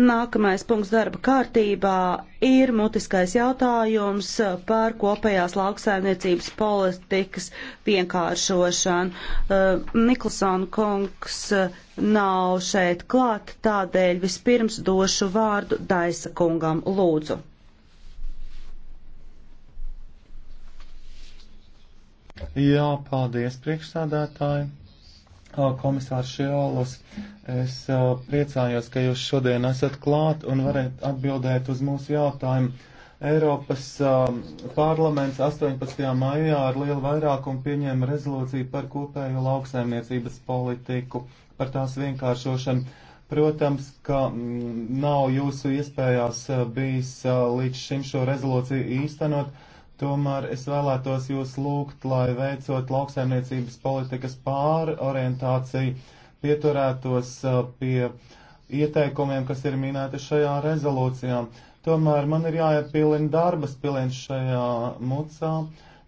Nākamais punkts darba kārtībā ir mutiskais jautājums par kopējās lauksaimniecības politikas vienkāršošanu. Uh, Niklsona kungs uh, nav šeit klāt, tādēļ vispirms došu vārdu Daisa kungam lūdzu. Jā, paldies priekšsādātāji. Komisārs Šiolos, es priecājos, ka jūs šodien esat klāt un varat atbildēt uz mūsu jautājumu. Eiropas parlaments 18. maijā ar lielu vairākumu pieņēma rezolūciju par kopējo lauksaimniecības politiku, par tās vienkāršošanu. Protams, ka mm, nav jūsu iespējās bijis līdz šim šo rezolūciju īstenot Tomēr es vēlētos jūs lūgt, lai veicot lauksaimniecības politikas pārorientāciju, pieturētos uh, pie ieteikumiem, kas ir minēti šajā rezolūcijā. Tomēr man ir jāiepilina darba spiliens šajā mucā,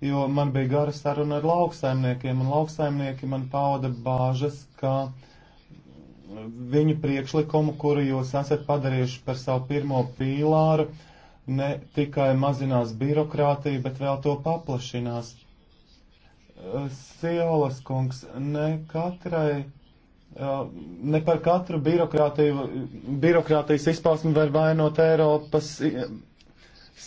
jo man bija gara saruna ar lauksaimniekiem, un lauksaimnieki man pauda bāžas, ka viņu priekšlikumu, kuru jūs esat padarījuši par savu pirmo pīlāru, uh, ne tikai mazinās birokrātiju, bet vēl to paplašinās. Siolas eh, kungs, ne katrai, eh, ne par katru birokrātiju, birokrātijas izpausmi var vainot Eiropas eh,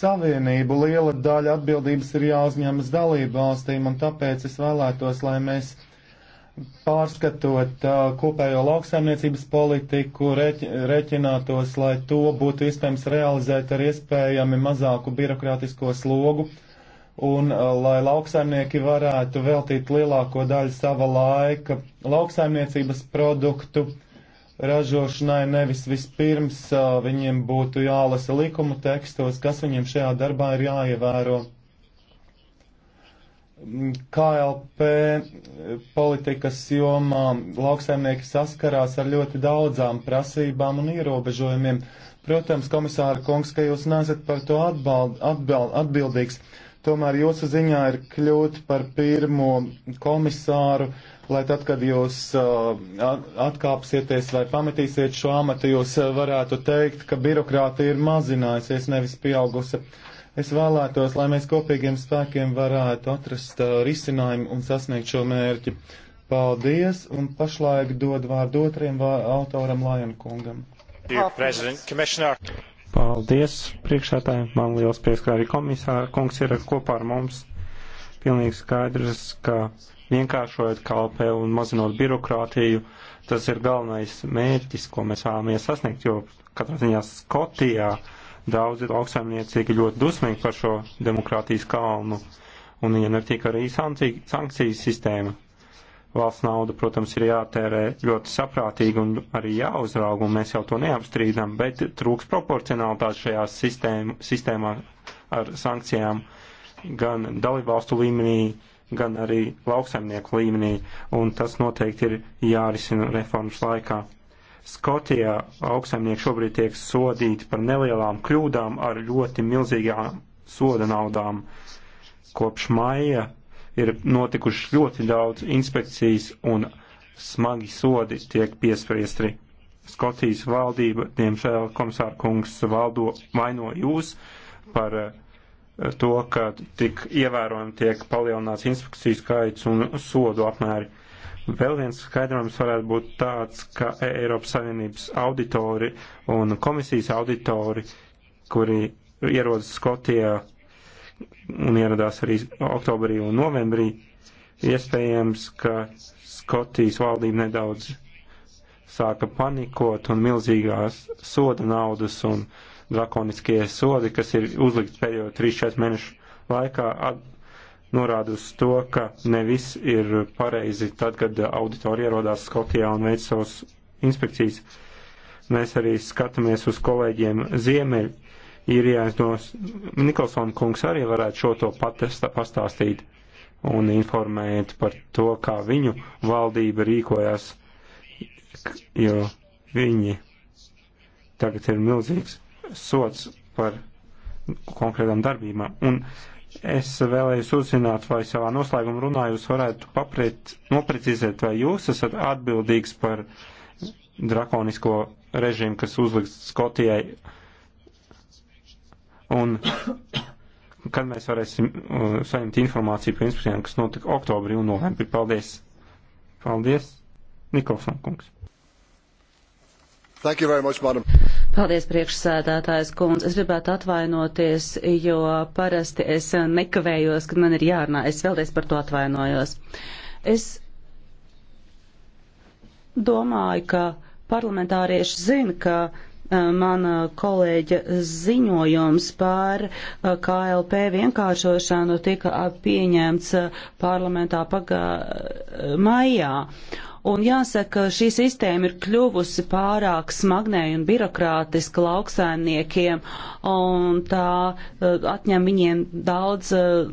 Savienību. Liela daļa atbildības ir jāuzņemas dalību valstīm, un tāpēc es vēlētos, lai mēs pārskatot uh, kopējo lauksaimniecības politiku, reķi, reķinātos, lai to būtu iespējams realizēt ar iespējami mazāku birokrātisko slogu un uh, lai lauksaimnieki varētu veltīt lielāko daļu sava laika lauksaimniecības produktu ražošanai, nevis vispirms uh, viņiem būtu jālasa likuma tekstos, kas viņiem šajā darbā ir jāievēro. KLP politikas jomā lauksaimnieki saskarās ar ļoti daudzām prasībām un ierobežojumiem. Protams, komisāra kungs, ka jūs nesat par to atbald, atbald, atbildīgs, tomēr jūsu ziņā ir kļūt par pirmo komisāru, lai tad, kad jūs uh, atkāpsieties vai pametīsiet šo amatu, jūs uh, varētu teikt, ka birokrātija ir mazinājusies, nevis pieaugusi. Uh, Es vēlētos, lai mēs kopīgiem spēkiem varētu atrast uh, risinājumu un sasniegt šo mērķi. Paldies, un pašlaik dod vārdu otriem vā, autoram Lajankungam. Paldies, priekšētāji. Man liels prieks, ka arī komisāra kungs ir kopā ar mums. Pilnīgi skaidrs, ka vienkāršojot kalpē un mazinot birokrātiju, tas ir galvenais mērķis, ko mēs vēlamies sasniegt, jo katrā ziņā Skotijā uh, Daudzi lauksaimniecīgi ļoti dusmīgi par šo demokrātijas kalnu, un viņiem ir tik arī sankcijas sistēma. Valsts nauda, protams, ir jātērē ļoti saprātīgi un arī jāuzrauga, un mēs jau to neapstrīdam, bet trūks proporcionalitāte šajā sistēma, sistēmā ar sankcijām gan dalībvalstu līmenī, gan arī lauksaimnieku līmenī, un tas noteikti ir jārisina reformas laikā. Skotijā augstsaimnieki šobrīd tiek sodīti par nelielām kļūdām ar ļoti milzīgām soda naudām. Kopš maija ir notikuši ļoti daudz inspekcijas un smagi sodi tiek piespriestri. Skotijas valdība, diemžēl, komisāra kungs valdo vaino jūs par eh, to, ka tik ievērojami tiek palielināts inspekciju skaits un sodu apmēri. Vēl viens skaidrojums varētu būt tāds, ka Eiropas Savienības auditori un komisijas auditori, kuri ierodas Skotijā un ieradās arī oktobrī un novembrī, iespējams, ka Skotijas valdība nedaudz sāka panikot un milzīgās soda naudas un drakoniskie sodi, kas ir uzlikti pēdējo 3-4 mēnešu laikā, norāda uz to, ka ne viss ir pareizi tad, kad auditori ierodās Skotijā un veic savus inspekcijas. Mēs arī skatāmies uz kolēģiem Ziemeļ. Irijā no Nikolsona kungs arī varētu šo to patesta, pastāstīt un informēt par to, kā viņu valdība rīkojās, jo viņi tagad ir milzīgs sots par konkrētām darbībām. Un Es vēlējos uzzināt, vai savā noslēguma runā jūs varētu papriet, noprecizēt, vai jūs esat atbildīgs par drakonisko režīmu, kas uzliks Skotijai. Un kad mēs varēsim uh, saņemt informāciju par inspekcijām, kas notika oktobrī un novembrī. Paldies! Paldies! Nikolson kungs! Thank you very much, madam. Paldies, priekšsēdētājs kundze. Es gribētu atvainoties, jo parasti es nekavējos, kad man ir jārunā. Es vēlreiz par to atvainojos. Es domāju, ka parlamentārieši zina, ka eh, mana kolēģa ziņojums par eh, KLP vienkāršošanu tika pieņemts eh, parlamentā pagā maijā. Un jāsaka, šī sistēma ir kļuvusi pārāk smagnēja un birokrātiska lauksaimniekiem, un tā eh, atņem viņiem daudz eh,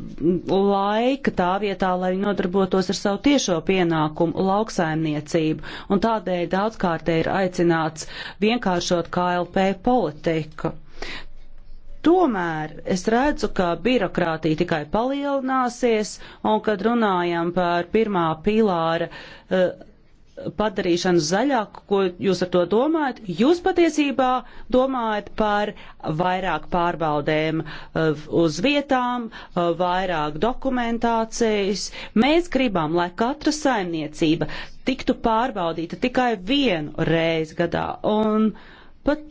laika tā vietā, lai viņi nodarbotos ar savu tiešo pienākumu lauksaimniecību. Un tādēļ daudzkārtē ir aicināts vienkāršot KLP politiku. Tomēr es redzu, ka birokrātija tikai palielināsies, un kad runājam par pirmā pīlāra uh, padarīšanu zaļāku, ko jūs ar to domājat? Jūs patiesībā domājat par vairāk pārbaudēm eh, uz vietām, eh, vairāk dokumentācijas. Mēs gribam, lai katra saimniecība tiktu pārbaudīta tikai vienu reizi gadā. Un pat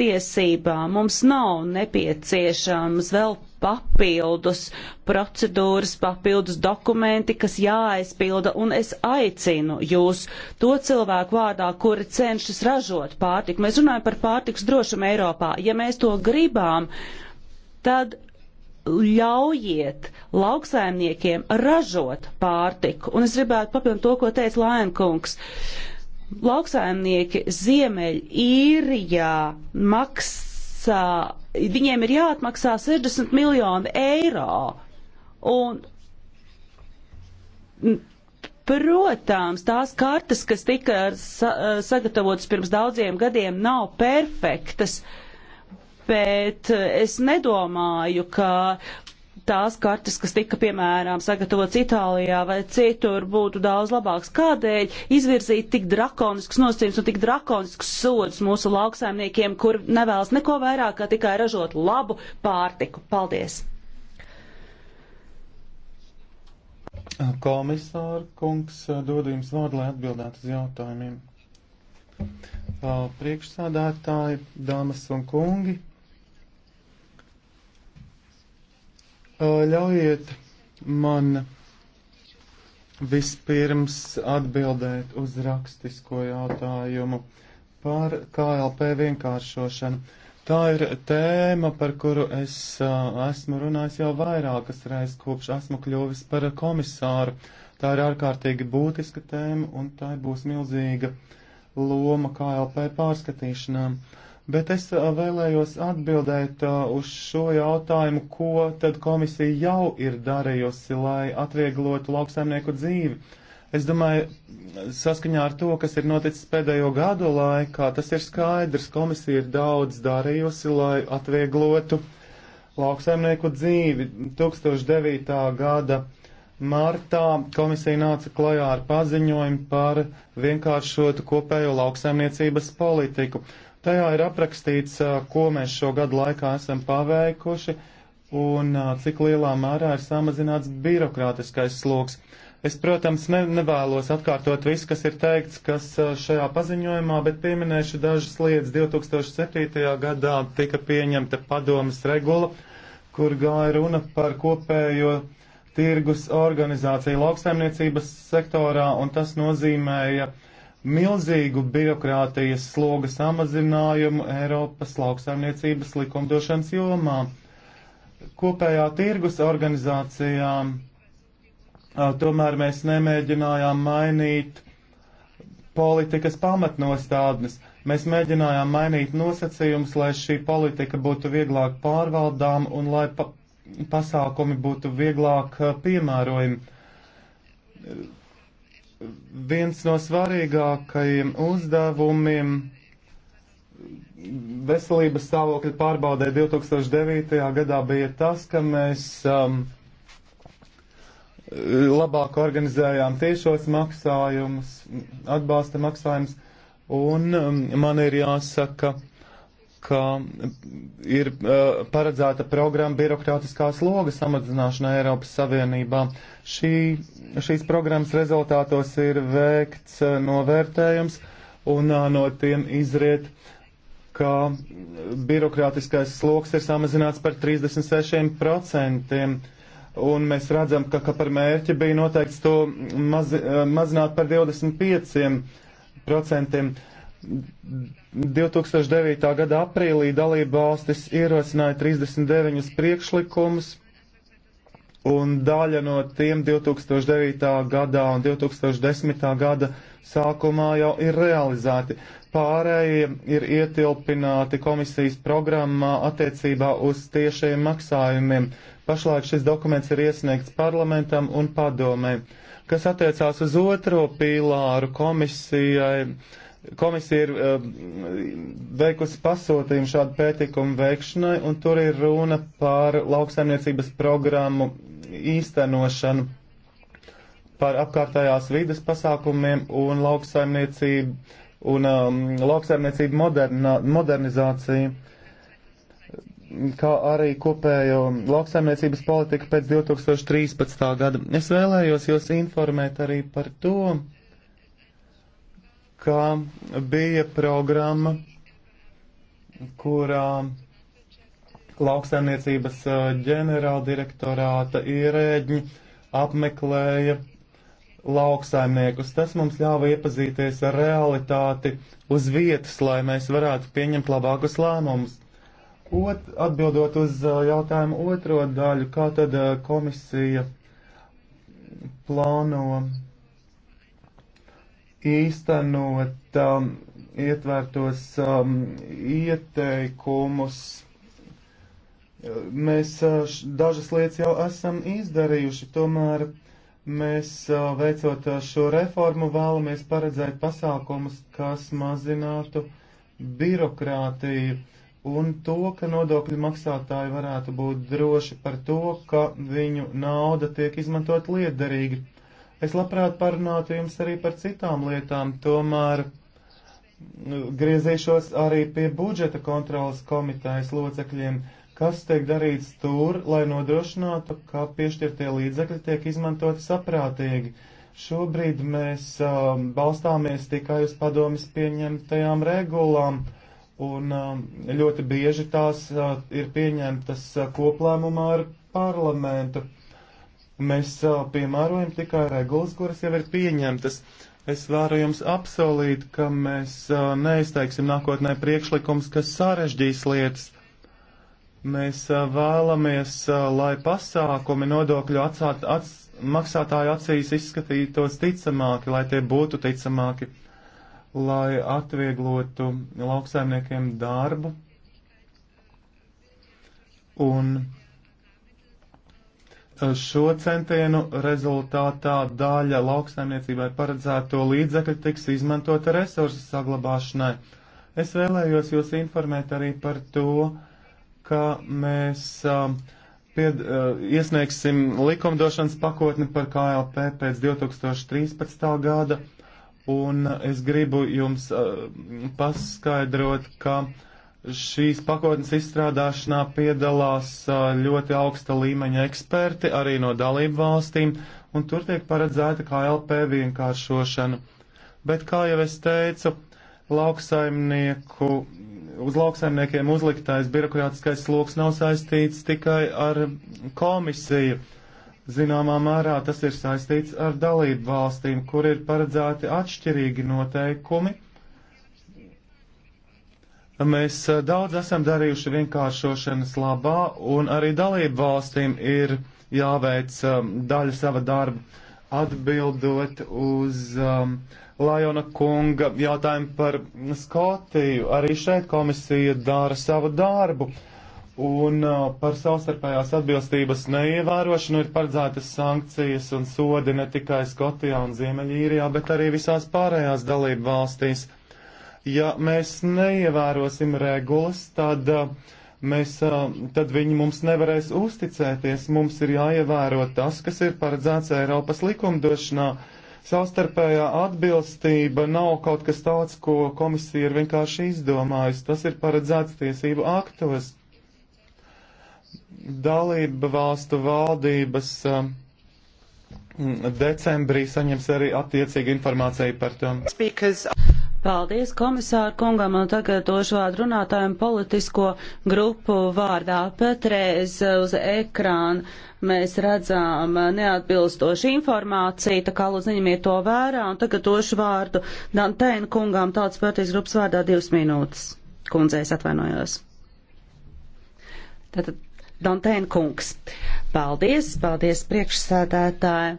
tiesībām. Mums nav nepieciešams vēl papildus procedūras, papildus dokumenti, kas jāaizpilda, un es aicinu jūs to cilvēku vārdā, kuri cenšas ražot pārtiku. Mēs runājam par pārtiks drošumu Eiropā. Ja mēs to gribām, tad ļaujiet lauksaimniekiem ražot pārtiku. Un es gribētu papildināt to, ko teica Lainkungs. Uh, lauksaimnieki Ziemeļīrijā maksā, viņiem ir jāatmaksā 60 miljoni eiro. Un, protams, tās kartes, kas tika sa sagatavotas pirms daudziem gadiem, nav perfektas. Bet es nedomāju, ka tās kartes, kas tika, piemēram, sagatavotas Itālijā vai citur, būtu daudz labāks. Kādēļ izvirzīt tik drakonisks nosacījums un tik drakonisks sods mūsu lauksaimniekiem, kur nevēlas neko vairāk, kā tikai ražot labu pārtiku? Paldies! Komisāra kungs dod jums vārdu, lai atbildētu uz jautājumiem. Priekšsādātāji, dāmas un kungi! Ļaujiet man vispirms atbildēt uz rakstisko jautājumu par KLP vienkāršošanu. Tā ir tēma, par kuru es uh, esmu runājis jau vairākas reizes, kopš esmu kļuvis par komisāru. Tā ir ārkārtīgi būtiska tēma un tā būs milzīga loma KLP pārskatīšanām. Uh, Bet es uh, vēlējos atbildēt uh, uz šo jautājumu, ko tad komisija jau ir darījusi, lai atvieglotu lauksaimnieku dzīvi. Es domāju, saskaņā ar to, kas ir noticis pēdējo gadu laikā, tas ir skaidrs. Komisija ir daudz darījusi, lai atvieglotu lauksaimnieku dzīvi. 2009. gada martā komisija nāca klajā ar paziņojumu par vienkāršotu kopējo lauksaimniecības politiku. Tajā ir aprakstīts, ko mēs šo gadu laikā esam paveikuši un cik lielā mērā ir samazināts birokrātiskais sloks. Es, protams, ne, nevēlos atkārtot visu, kas ir teikts, kas šajā paziņojumā, bet pieminēšu dažas lietas. 2007. gadā tika pieņemta padomas regula, kur gāja runa par kopējo tirgus organizāciju lauksaimniecības sektorā, un tas nozīmēja milzīgu birokrātijas sloga samazinājumu Eiropas lauksaimniecības likumdošanas jomā. Kopējā tirgus organizācijā tomēr mēs nemēģinājām mainīt politikas pamatnostādnes. Mēs mēģinājām mainīt nosacījumus, lai šī politika būtu vieglāk pārvaldām un lai pa pasākumi būtu vieglāk piemērojami viens no svarīgākajiem uzdevumiem veselības stāvokļa pārbaudē 2009. gadā bija tas, ka mēs um, labāk organizējām tiešos maksājumus, atbalsta maksājumus, un um, man ir jāsaka, ka ir uh, paredzēta programma birokrātiskās logas samazināšana Eiropas Savienībā. Šī šīs programmas rezultātos ir veikts eh, novērtējums, un eh, no tiem izriet, ka birokrātiskais sloks ir samazināts par 36%, un mēs redzam, ka, ka par mērķi bija noteikts to maz, eh, mazināt par 25%. 2009. gada aprīlī dalība valstis ierosināja 39 priekšlikumus, un daļa no tiem 2009. gadā un 2010. gada sākumā jau ir realizēti. Pārējie ir ietilpināti komisijas programmā attiecībā uz tiešajiem maksājumiem. Pašlaik šis dokuments ir iesniegts parlamentam un padomē. Kas attiecās uz otro pīlāru komisijai, uh, Komisija ir um, veikusi pasūtījumu šādu pētīkumu veikšanai, un tur ir runa par lauksaimniecības programmu īstenošanu, par apkārtējās vides pasākumiem un lauksaimniecību, un, um, lauksaimniecību moderna, modernizāciju kā arī kopējo lauksaimniecības politiku pēc 2013. gada. Es vēlējos jūs informēt arī par to, ka bija programma, kurā lauksaimniecības ģenerāldirektorāta ierēģi apmeklēja lauksaimniekus. Tas mums ļāva iepazīties ar realitāti uz vietas, lai mēs varētu pieņemt labākus lēmumus. Ot, atbildot uz jautājumu otro daļu, kā tad komisija plāno īstenot um, ietvērtos um, ieteikumus. Mēs uh, dažas lietas jau esam izdarījuši, tomēr mēs uh, veicot uh, šo reformu vēlamies paredzēt pasākumus, kas mazinātu birokrātiju un to, ka nodokļu maksātāji varētu būt droši par to, ka viņu nauda tiek izmantot liederīgi Es labprāt parunātu jums arī par citām lietām, tomēr nu, griezīšos arī pie budžeta kontrolas komitejas locekļiem, kas tiek darīts tur, lai nodrošinātu, ka piešķirtie līdzekļi tiek izmantoti saprātīgi. Šobrīd mēs um, balstāmies tikai uz padomis pieņemtajām regulām, un um, ļoti bieži tās uh, ir pieņemtas uh, koplēmumā ar parlamentu. Uh, Mēs uh, piemērojam tikai regulas, kuras jau ir pieņemtas. Es varu jums apsolīt, ka mēs uh, neizteiksim nākotnē priekšlikums, kas sarežģīs lietas. Mēs uh, vēlamies, uh, lai pasākumi nodokļu atsāt, ats, maksātāju acīs izskatītos ticamāki, lai tie būtu ticamāki, lai atvieglotu lauksaimniekiem darbu. Un Šo centienu rezultātā daļa lauksaimniecībai paredzēto līdzekļu tiks izmantota resursu saglabāšanai. Es vēlējos jūs informēt arī par to, ka mēs uh, pied, uh, iesniegsim likumdošanas pakotni par KLP pēc 2013. gada, un es gribu jums uh, paskaidrot, ka uh, Šīs pakotnes izstrādāšanā piedalās ļoti augsta līmeņa eksperti arī no dalību valstīm, un tur tiek paredzēta KLP vienkāršošana. Bet, kā jau es teicu, lauksaimnieku, uz lauksaimniekiem uzliktais birokrātiskais sloks nav saistīts tikai ar komisiju. Zināmā mērā tas ir saistīts ar dalību valstīm, kur ir paredzēti atšķirīgi noteikumi Mēs eh, daudz esam darījuši vienkāršošanas labā, un arī dalību valstīm ir jāveic eh, daļa sava darba atbildot uz um, Lajona kunga jautājumu par Skotiju. Arī šeit komisija dara savu darbu. Un uh, par savstarpējās atbilstības neievērošanu ir paredzētas sankcijas un sodi ne tikai Skotijā un Ziemeļīrijā, bet arī visās pārējās dalību valstīs. Ja mēs neievērosim regulas, tad, uh, mēs, uh, tad viņi mums nevarēs uzticēties. Mums ir jāievēro tas, kas ir paredzēts Eiropas likumdošanā. Savstarpējā atbilstība nav kaut kas tāds, ko komisija ir vienkārši izdomājusi. Tas ir paredzēts tiesību aktos. Dalība valstu valdības uh, decembrī saņems arī attiecīgu informāciju par to. Speakers. Paldies komisāru kungam un tagad došu vārdu runātājiem politisko grupu vārdā. Patreiz uz ekrāna mēs redzām neatbilstošu informāciju, tā kā lūdzu ņemiet to vērā un tagad došu vārdu Dantēna kungām tautas partijas grupas vārdā divas minūtes. Kundzēs atvainojos. Tātad Dantēna kungs. Paldies, paldies priekšsādātāji.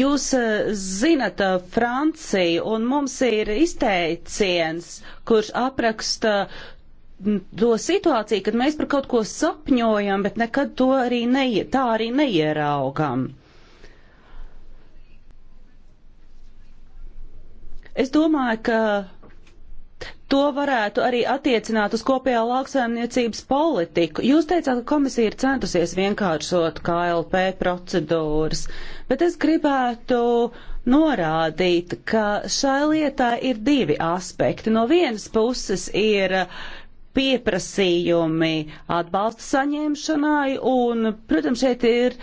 Jūs eh, zinat eh, Franciju, un mums ir izteiciens, kurš apraksta to situāciju, kad mēs par kaut ko sapņojam, bet nekad to arī neie, tā arī neieraugam. Es domāju, ka to varētu arī attiecināt uz kopējā lauksaimniecības politiku. Jūs teicāt, ka komisija ir centusies vienkāršot KLP procedūras, bet es gribētu norādīt, ka šai lietai ir divi aspekti. No vienas puses ir pieprasījumi atbalsta saņemšanai, un, protams, šeit ir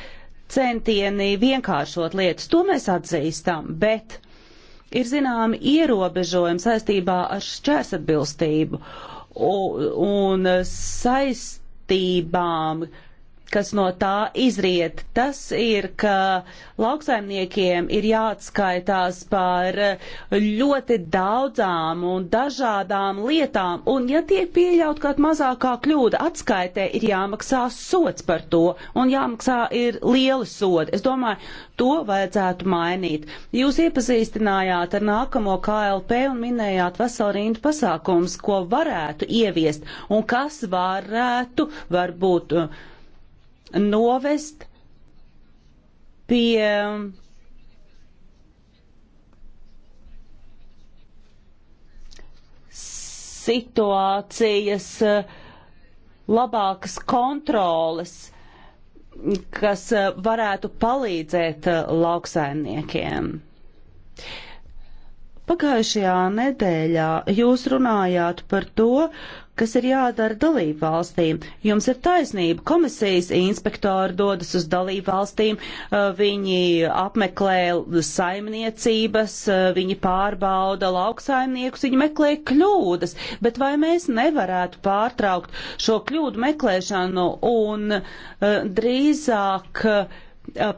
centieni vienkāršot lietas. To mēs atzīstam, bet ir zināmi ierobežojumi saistībā ar šķērsatbilstību un, un saistībām, kas no tā izriet. Tas ir, ka lauksaimniekiem ir jāatskaitās par ļoti daudzām un dažādām lietām, un ja tiek pieļaut kāda mazākā kļūda atskaitē, ir jāmaksā sots par to, un jāmaksā ir lieli sodi. Es domāju, to vajadzētu mainīt. Jūs iepazīstinājāt ar nākamo KLP un minējāt veselu rindu pasākums, ko varētu ieviest, un kas varētu varbūt novest pie situācijas eh, labākas kontroles, kas eh, varētu palīdzēt eh, lauksaimniekiem. Pagājušajā nedēļā jūs runājāt par to, uh, kas ir jādara dalību valstīm. Jums ir taisnība, komisijas inspektori dodas uz dalību valstīm, uh, viņi apmeklē saimniecības, uh, viņi pārbauda lauksaimniekus, viņi meklē kļūdas, bet vai mēs nevarētu pārtraukt šo kļūdu meklēšanu un uh, drīzāk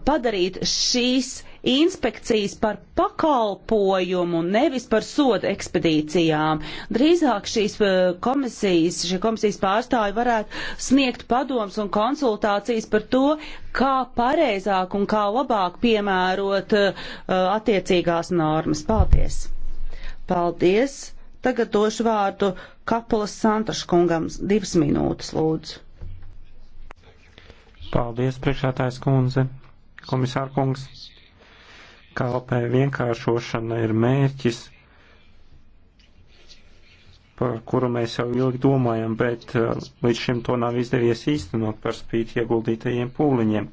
padarīt šīs inspekcijas par pakalpojumu, nevis par sodu ekspedīcijām. Drīzāk šīs eh, komisijas, šie komisijas pārstāvi varētu sniegt padoms un konsultācijas par to, kā pareizāk un kā labāk piemērot uh, attiecīgās normas. Paldies! Paldies! Tagad došu vārdu Kapulas Santaškungam. Divas minūtes, lūdzu. Paldies, priekšētājs kundze, komisāra kungs. KLP vienkāršošana ir mērķis, par kuru mēs jau ilgi domājam, bet uh, līdz šim to nav izdevies īstenot par spīti ieguldītajiem pūliņiem.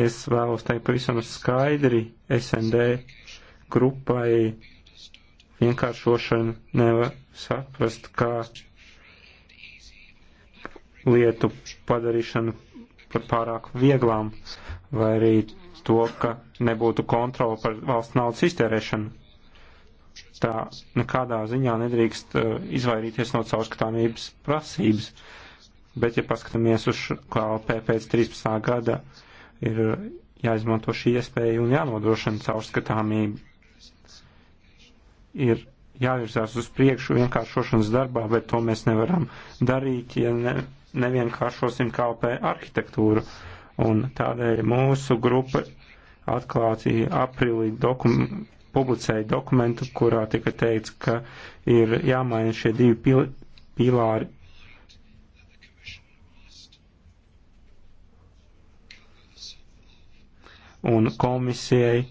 Es vēlos teikt pavisam skaidri, SND grupai vienkāršošana nevar saprast, kā lietu padarīšanu par pārāk vieglām, vai arī to, ka nebūtu kontrola par valsts naudas iztērēšanu. Tā nekādā ziņā nedrīkst uh, izvairīties no caurskatāmības prasības, bet, ja paskatāmies uz KLP pēc 13. gada, ir jāizmanto šī iespēja un jānodrošina caurskatāmība. Ir jāvirzās uz priekšu vienkāršošanas darbā, bet to mēs nevaram darīt, ja ne, nevienkāršosim kalpē arhitektūru. Un tādēļ mūsu grupa atklāti aprīlī dokum publicēja dokumentu, kurā tika teikts, ka ir jāmaina šie divi pil pilāri. Un komisijai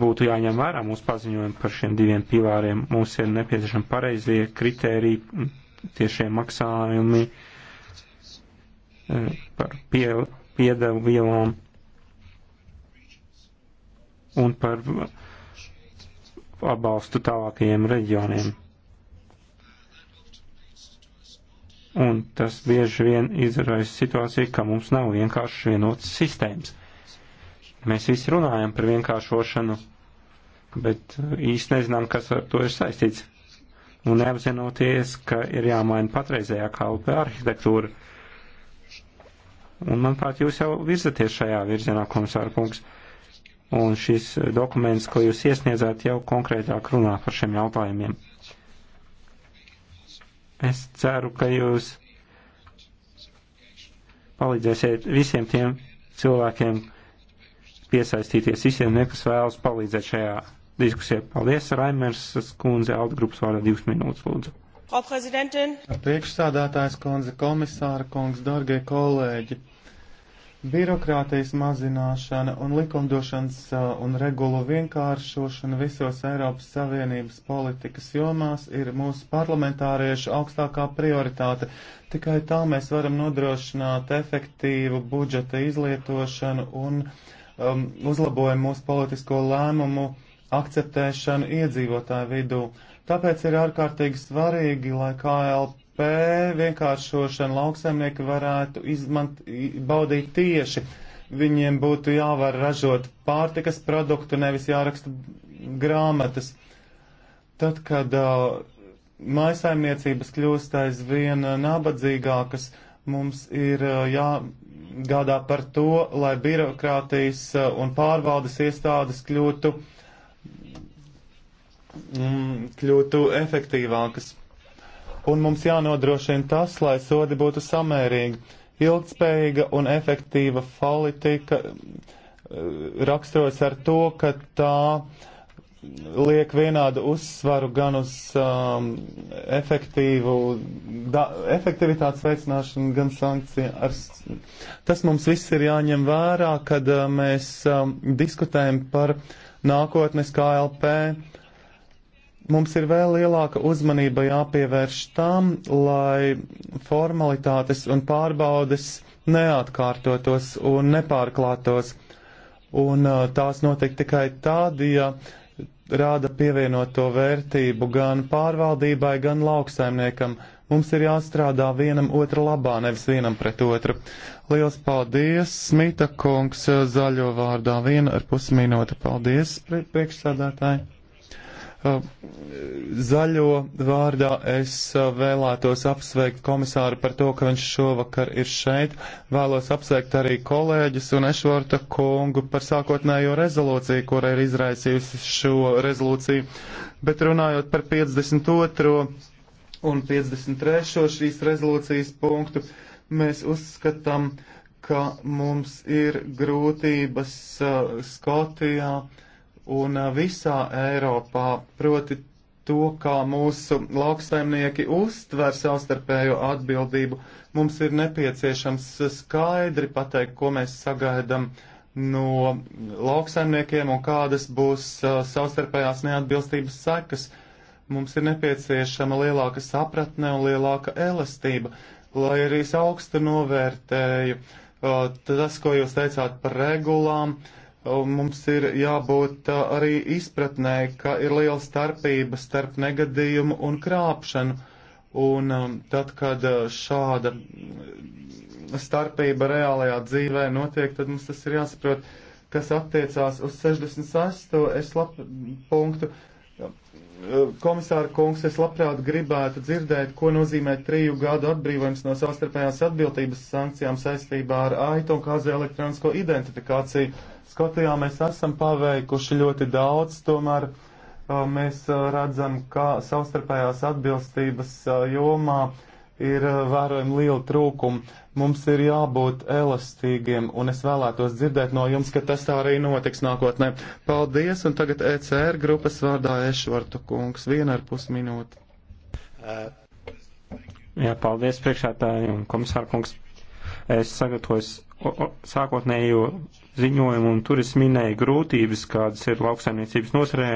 būtu jāņem vērā mūsu paziņojumi par šiem diviem pilāriem. Mums ir nepieciešami pareizie kritēriji tiešie maksājumi eh, par pie, piedevu vielām un par atbalstu tālākajiem reģioniem. Un tas bieži vien izraisa situāciju, ka mums nav vienkārši vienotas sistēmas. Mēs visi runājam par vienkāršošanu, bet eh, īsti nezinām, kas ar to ir saistīts un neapzinoties, ka ir jāmaina patreizējā kalpa arhitektūra. Un, manuprāt, jūs jau virzaties šajā virzienā, komisāra kungs, un šis dokuments, ko jūs iesniedzāt, jau konkrētāk runā par šiem jautājumiem. Es ceru, ka jūs palīdzēsiet visiem tiem cilvēkiem piesaistīties, visiem, kas vēlas palīdzēt šajā diskusijai. Paldies, Raimers Skundze, Alda grupas vārdā divas minūtes lūdzu. Priekšsādātājs kundze, komisāra kungs, dargie kolēģi, birokrātijas mazināšana un likumdošanas uh, un regulu vienkāršošana visos Eiropas Savienības politikas jomās ir mūsu parlamentāriešu augstākā prioritāte. Tikai tā mēs varam nodrošināt efektīvu budžeta izlietošanu un um, uzlabojumu mūsu politisko lēmumu akceptēšanu iedzīvotāju vidū. Tāpēc ir ārkārtīgi svarīgi, lai KLP vienkāršošanu lauksaimnieki varētu izmant, baudīt tieši. Viņiem būtu jāvar ražot pārtikas produktu, nevis jāraksta grāmatas. Tad, kad uh, maisaimniecības kļūst aizvien nabadzīgākas, mums ir uh, jāgādā par to, lai birokrātijas uh, un pārvaldes iestādes kļūtu uh, mm, kļūtu efektīvākas. Un mums jānodrošina tas, lai sodi būtu samērīgi. Ilgtspējīga un efektīva politika eh, raksturos ar to, ka tā liek vienādu uzsvaru gan uz um, efektīvu, da, efektivitātes veicināšanu, gan sankciju. Ar, tas mums viss ir jāņem vērā, kad uh, mēs um, diskutējam par nākotnes KLP mums ir vēl lielāka uzmanība jāpievērš tam, lai formalitātes un pārbaudes neatkārtotos un nepārklātos. Un uh, tās notiek tikai tad, ja rāda pievienoto vērtību gan pārvaldībai, gan lauksaimniekam. Mums ir jāstrādā vienam otru labā, nevis vienam pret otru. Liels paldies, Smita kungs, uh, zaļo vārdā viena ar pusminūte. Paldies, priekšsādātāji! Uh, zaļo vārdā es uh, vēlētos apsveikt komisāru par to, ka viņš šovakar ir šeit. Vēlos apsveikt arī kolēģis un Ešvorta kungu par sākotnējo rezolūciju, kura ir izraisījusi šo rezolūciju. Bet runājot par 52. un 53. šīs rezolūcijas punktu, mēs uzskatām, ka mums ir grūtības uh, Skotijā. Uh, un visā Eiropā, proti to, kā mūsu lauksaimnieki uztver savstarpējo atbildību. Mums ir nepieciešams skaidri pateikt, ko mēs sagaidam no lauksaimniekiem un kādas būs uh, savstarpējās neatbilstības sekas. Mums ir nepieciešama lielāka sapratne un lielāka elastība, lai arī es augstu novērtēju uh, tas, ko jūs teicāt par regulām. Uh, mums ir jābūt arī izpratnē, ka ir liela starpība starp negadījumu un krāpšanu. Un tad, kad šāda starpība reālajā dzīvē notiek, tad mums tas ir jāsaprot, kas attiecās uz 68. Es lab, punktu. Komisāra kungs, es labprāt gribētu dzirdēt, ko nozīmē triju gadu atbrīvojums no savstarpējās atbildības sankcijām saistībā ar aitu un kāzu elektronisko identifikāciju Skotijā mēs esam paveikuši ļoti daudz, tomēr uh, mēs uh, redzam, ka savstarpējās atbilstības uh, jomā ir vērojami liela trūkuma. Mums ir jābūt elastīgiem, un es vēlētos dzirdēt no jums, ka tas tā arī notiks nākotnē. Paldies, un tagad ECR grupas vārdā Ešvartu kungs. Viena ar pus minūti. Jā, paldies priekšētāji un komisāra kungs. Es sagatavos sākotnējo ziņojumu, un tur es minēju grūtības, kādas ir lauksaimniecības nozarē,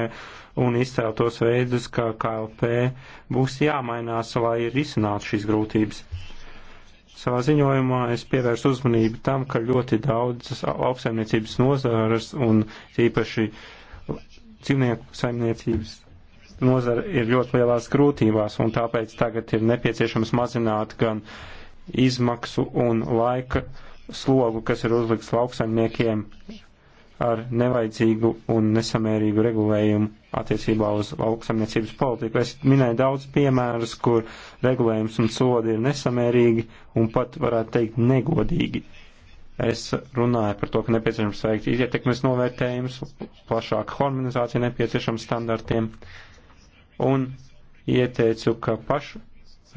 un izcēltos veidus, kā KLP būs jāmainās, lai risinātu šīs grūtības. Savā ziņojumā es pievērsu uzmanību tam, ka ļoti daudzas lauksaimniecības nozaras un īpaši dzīvnieku saimniecības nozara ir ļoti lielās grūtībās, un tāpēc tagad ir nepieciešams mazināt gan izmaksu un laika uh, slogu, kas ir uzlikts lauksaimniekiem ar nevajadzīgu un nesamērīgu regulējumu attiecībā uz lauksaimniecības politiku. Es minēju daudz piemērus, kur regulējums un sodi ir nesamērīgi un pat varētu teikt negodīgi. Es runāju par to, ka nepieciešams veikt ietekmes novērtējums, plašāka harmonizācija nepieciešams standartiem un ieteicu, ka pašu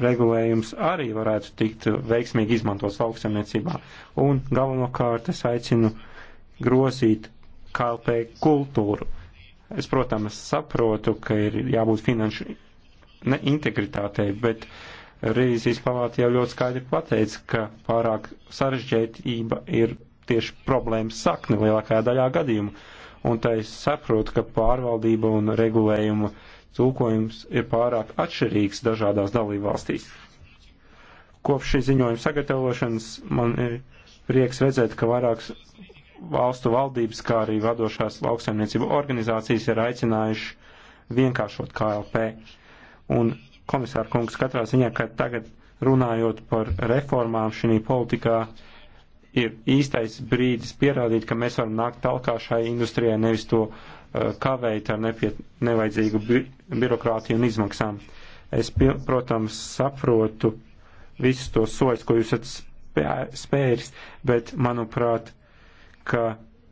regulējums arī varētu tikt veiksmīgi izmantots lauksaimniecībā. Un galvenokārt es aicinu grozīt KLP kultūru. Es, protams, saprotu, ka ir jābūt finanšu integritātei, bet revizijas palāta jau ļoti skaidri pateica, ka pārāk sarežģētība ir tieši problēmas sakne lielākajā daļā gadījumu. Un tā es saprotu, ka pārvaldība un regulējuma uh, tulkojums ir pārāk atšķirīgs dažādās dalībvalstīs. Kopš šī ziņojuma sagatavošanas man ir prieks redzēt, ka vairākas valstu valdības, kā arī vadošās lauksaimniecību organizācijas ir aicinājuši vienkāršot KLP. Un komisāra kungs katrā ziņā, ka tagad runājot par reformām šī politikā, uh, ir īstais brīdis pierādīt, ka mēs varam nākt talkā šai industrijai, nevis to uh, kavēt ar nepiet, nevajadzīgu bi birokrātiju un izmaksām. Es, protams, saprotu visus tos soļus, ko jūs esat spēris, bet, manuprāt, ka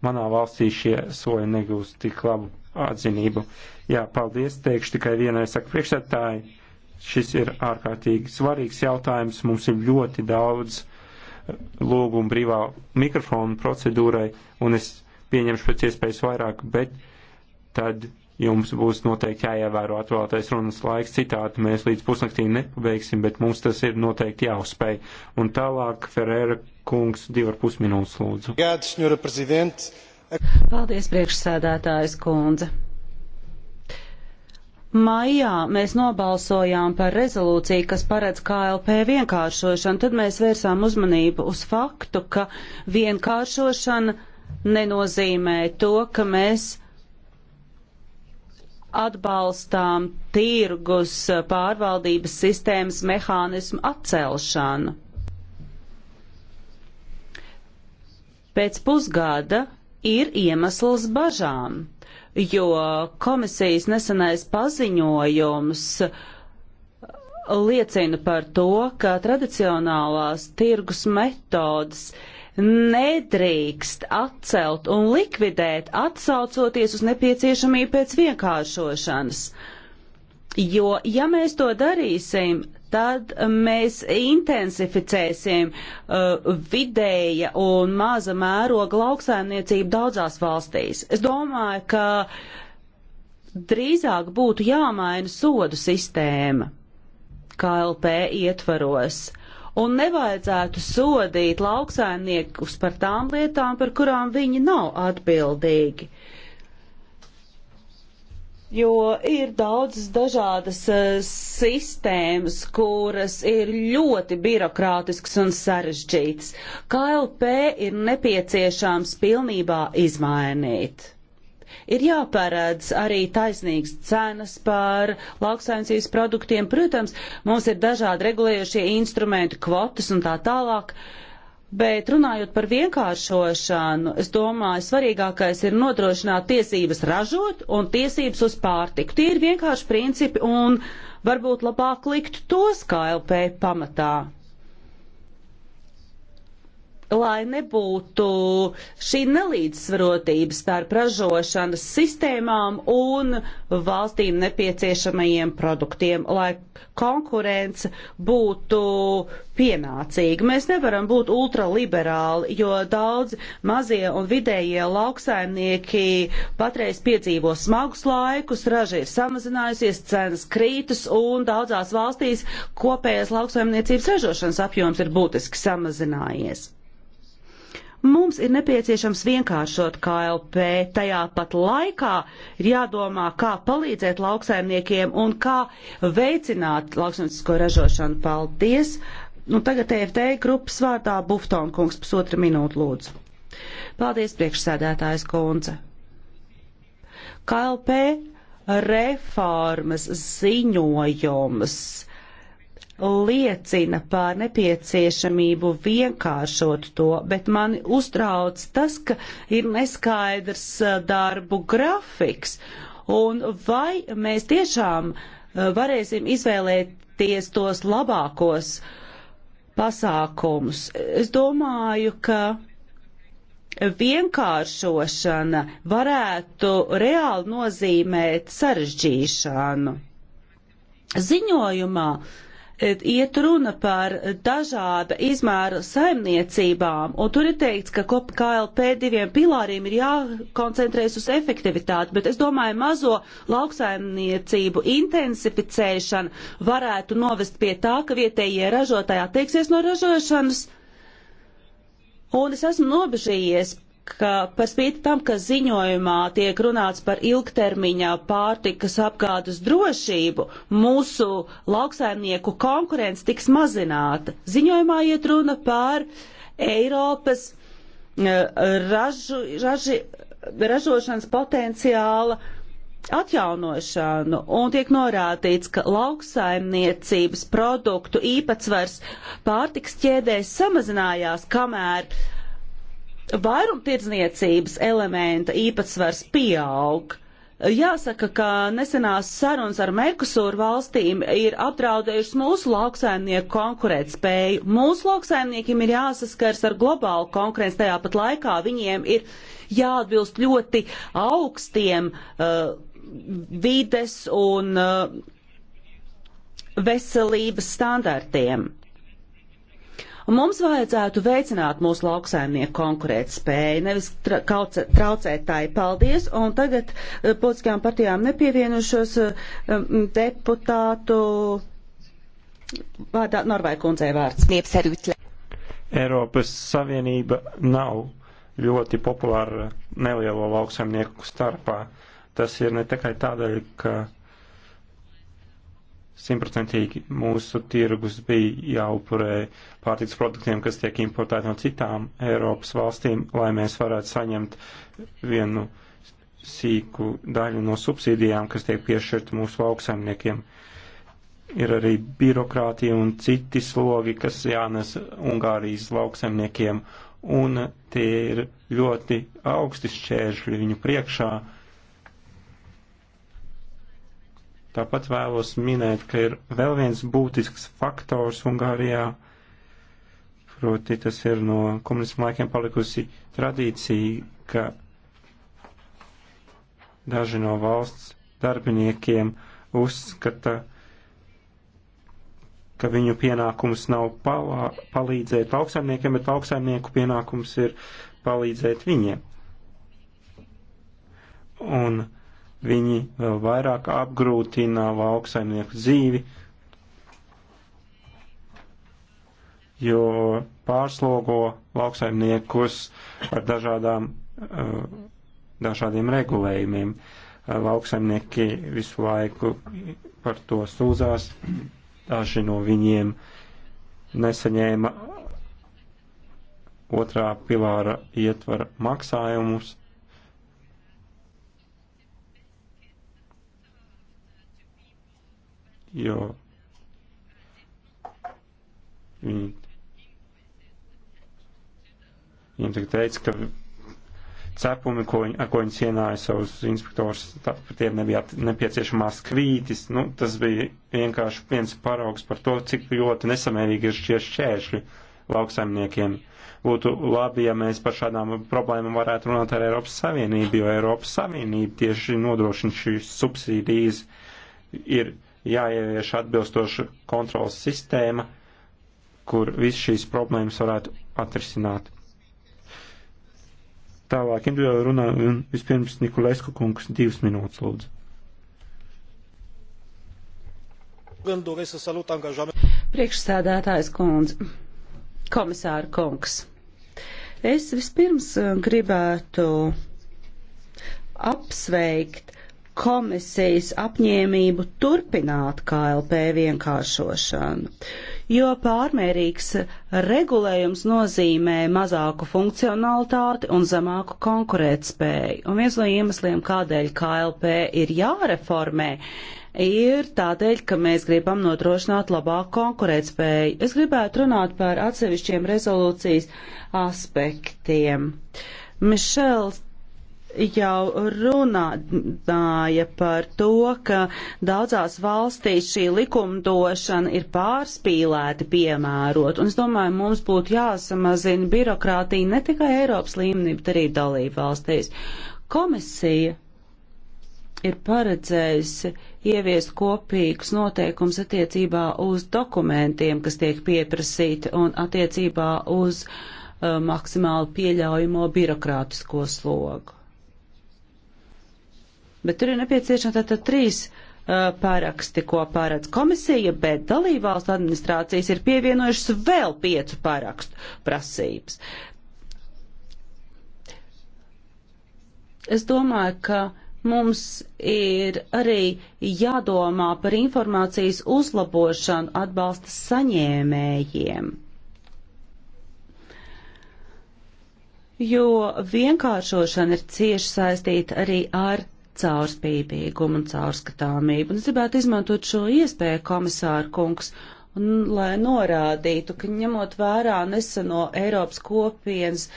manā valstī šie soļi negūst tik labu atzinību. Jā, paldies, teikšu tikai vienai saku priekšsētāji. Šis ir ārkārtīgi svarīgs jautājums. Mums ir ļoti daudz lūgumu brīvā mikrofona procedūrai, un es pieņemšu pēc iespējas vairāk, bet tad jums būs noteikti jāievēro atvēlētais runas laiks. Citādi mēs līdz pusnaktī nepabeigsim, bet mums tas ir noteikti jāuzspēj. Un tālāk Ferēra kungs divi ar pus minūtes lūdzu. Paldies, priekšsēdētājs kundze. Maijā mēs nobalsojām par rezolūciju, kas paredz KLP vienkāršošanu, tad mēs vērsām uzmanību uz faktu, ka vienkāršošana nenozīmē to, ka mēs atbalstām tirgus pārvaldības sistēmas mehānismu atcelšanu. Pēc pusgada ir iemesls bažām jo komisijas nesenais paziņojums liecina par to, ka tradicionālās tirgus metodas nedrīkst atcelt un likvidēt, atsaucoties uz nepieciešamību pēc vienkāršošanas. Jo, ja mēs to darīsim, tad mēs intensificēsim uh, vidēja un maza mēroga lauksaimniecību daudzās valstīs. Es domāju, ka drīzāk būtu jāmaina sodu sistēma KLP ietvaros. Un nevajadzētu sodīt lauksaimniekus par tām lietām, par kurām viņi nav atbildīgi. Uh, jo ir daudzas dažādas e, sistēmas, kuras ir ļoti birokrātiskas un sarežģītas. KLP ir nepieciešams pilnībā izmainīt. Ir jāpērēdz arī taisnīgas cenas par lauksaimniecības produktiem. Protams, mums ir dažādi regulējošie instrumenti, kvotas un tā tālāk. Uh, Bet runājot par vienkāršošanu, es domāju, svarīgākais ir nodrošināt tiesības ražot un tiesības uz pārtiku. Tie ir vienkārši principi un varbūt labāk likt tos KLP pamatā lai nebūtu šī nelīdzsvarotība starp ražošanas sistēmām un valstīm nepieciešamajiem produktiem, lai konkurence būtu pienācīga. Mēs nevaram būt ultraliberāli, jo daudz mazie un vidējie lauksaimnieki patreiz piedzīvo smagus laikus, raža ir samazinājusies, cenas krītas un daudzās valstīs kopējais lauksaimniecības ražošanas apjoms ir būtiski samazinājies. Mums ir nepieciešams vienkāršot KLP, tajā pat laikā ir jādomā, kā palīdzēt lauksaimniekiem un kā veicināt lauksaimniecisko ražošanu. Paldies! Nu, tagad TFT grupas vārdā Buftonkungs pusotra minūte lūdzu. Paldies, priekšsēdētājs Kunze. KLP reformas ziņojums liecina par nepieciešamību vienkāršot to, bet mani uztrauc tas, ka ir neskaidrs uh, darbu grafiks. Un vai mēs tiešām uh, varēsim izvēlēties tos labākos pasākumus? Es domāju, ka vienkāršošana varētu reāli nozīmēt sarežģīšanu. Ziņojumā uh, iet runa par dažāda izmēra saimniecībām, un tur ir teikts, ka KLP diviem pilāriem ir jākoncentrējas uz efektivitāti, bet es domāju, mazo lauksaimniecību intensificēšana varētu novest pie tā, ka vietējie ražotāji attieksies no ražošanas. Un es esmu nobežījies ka par spīti tam, ka ziņojumā tiek runāts par ilgtermiņā pārtikas apgādes drošību, mūsu lauksaimnieku konkurence tiks mazināta. Ziņojumā iet runa par Eiropas eh, ražu, raži, ražošanas potenciāla atjaunošanu un tiek norādīts, ka lauksaimniecības produktu īpatsvars pārtiks ķēdēs samazinājās, kamēr uh, vairumtirdzniecības elementa īpatsvars pieaug. Jāsaka, ka nesenās sarunas ar Merkusūru valstīm ir apdraudējušas mūsu lauksaimnieku konkurētspēju. Mūsu lauksaimniekiem ir jāsaskars ar globālu konkurenci, tajā pat laikā viņiem ir jāatbilst ļoti augstiem uh, vides un uh, veselības standartiem. Mums vajadzētu veicināt mūsu lauksaimnieku konkurēt spēju, nevis tra traucēt tai. Paldies! Un tagad eh, politiskajām partijām nepievienušos eh, deputātu vārdā Norvai kundzei vārds. Niepserūtle. Eiropas Savienība nav ļoti populāra nelielo lauksaimnieku starpā. Tas ir ne tikai tādēļ, ka simtprocentīgi mūsu tirgus bija jāupurē pārtiks produktiem, kas tiek importēti no citām Eiropas valstīm, lai mēs varētu saņemt vienu sīku daļu no subsīdijām, kas tiek piešķirta mūsu lauksaimniekiem. Ir arī birokrātija un citi slogi, kas jānes Ungārijas lauksaimniekiem, un tie ir ļoti augsti šķēršļi viņu priekšā, uh, Tāpat vēlos minēt, ka ir vēl viens būtisks faktors Ungārijā, proti tas ir no komunismu laikiem palikusi tradīcija, ka daži no valsts darbiniekiem uzskata, ka viņu pienākums nav palā, palīdzēt lauksaimniekiem, bet lauksaimnieku pienākums ir palīdzēt viņiem. Un Viņi vēl vairāk apgrūtina lauksaimnieku dzīvi, jo pārslogo lauksaimniekus ar dažādām, eh, dažādiem regulējumiem. Eh, lauksaimnieki visu laiku par to sūdzās, daži no viņiem nesaņēma otrā pilāra ietvara maksājumus, jo viņi, viņiem tagad teica, ka cepumi, ko viņi, ar ko viņi cienāja savus inspektors, tā, par tiem nebija nepieciešamās krītis. Nu, tas bija vienkārši viens paraugs par to, cik ļoti nesamērīgi ir šie šķēršļi lauksaimniekiem. Būtu labi, ja mēs par šādām problēmām varētu runāt ar Eiropas Savienību, jo Eiropas Savienība tieši nodrošina šīs subsīdijas. Ir jāievieš atbilstoša kontrolas sistēma, kur viss šīs problēmas varētu atrisināt. Tālāk individuāli runā un vispirms Nikolēsku kungs divas minūtes lūdzu. Priekšsēdētājs kundze, komisāra kungs. Es vispirms eh, gribētu apsveikt komisijas apņēmību turpināt KLP vienkāršošanu, jo pārmērīgs regulējums nozīmē mazāku funkcionalitāti un zemāku konkurētspēju. Un viens no iemesliem, kādēļ KLP ir jāreformē, ir tādēļ, ka mēs gribam nodrošināt labāku konkurētspēju. Es gribētu runāt par atsevišķiem rezolūcijas aspektiem. Mišels jau runāja par to, ka daudzās valstīs šī likumdošana ir pārspīlēti piemērot. Un es domāju, mums būtu jāsamazina birokrātija ne tikai Eiropas līmenī, bet arī dalību valstīs. Komisija ir paredzējusi ieviest kopīgus noteikums attiecībā uz dokumentiem, kas tiek pieprasīti un attiecībā uz uh, maksimāli pieļaujamo birokrātisko slogu bet tur ir nepieciešams tātad trīs uh, paraksti, ko paredz komisija, bet dalībvalstu administrācijas ir pievienojušas vēl piecu parakstu prasības. Es domāju, ka mums ir arī jādomā par informācijas uzlabošanu atbalsta saņēmējiem. Jo vienkāršošana ir cieši saistīta arī ar caurspīdīgumu un caurskatāmību. Un es gribētu izmantot šo iespēju, komisāra kungs, un, lai norādītu, ka ņemot vērā neseno Eiropas kopienas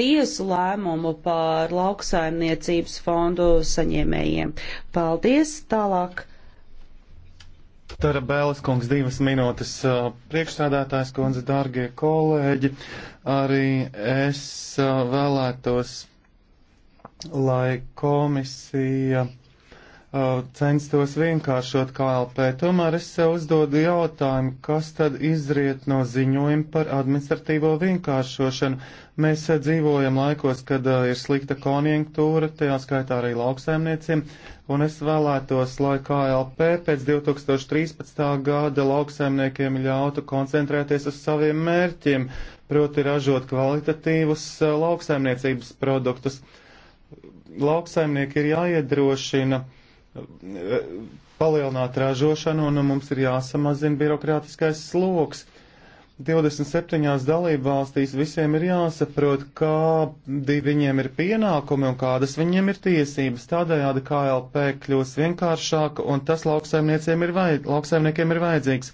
tiesu lēmumu par lauksaimniecības fondu saņēmējiem. Paldies! Tālāk! Tara Bēles kungs, divas minūtes uh, priekšsādātājs kundze, dārgie kolēģi, arī es uh, vēlētos lai komisija uh, censtos vienkāršot KLP. Tomēr es sev uzdodu jautājumu, kas tad izriet no ziņojuma par administratīvo vienkāršošanu. Mēs uh, dzīvojam laikos, kad uh, ir slikta konjunktūra, tajā skaitā arī lauksaimniecim, un es vēlētos, lai KLP pēc 2013. gada lauksaimniekiem ļautu koncentrēties uz saviem mērķiem, proti ražot kvalitatīvus lauksaimniecības produktus. Uh, lauksaimnieki ir jāiedrošina eh, palielināt ražošanu un mums ir jāsamazina birokrātiskais sloks. 27. dalību valstīs visiem ir jāsaprot, kādi viņiem ir pienākumi un kādas viņiem ir tiesības. Tādējādi KLP kļūs vienkāršāka un tas lauksaimniekiem ir, vajad, lauksaimniekiem ir vajadzīgs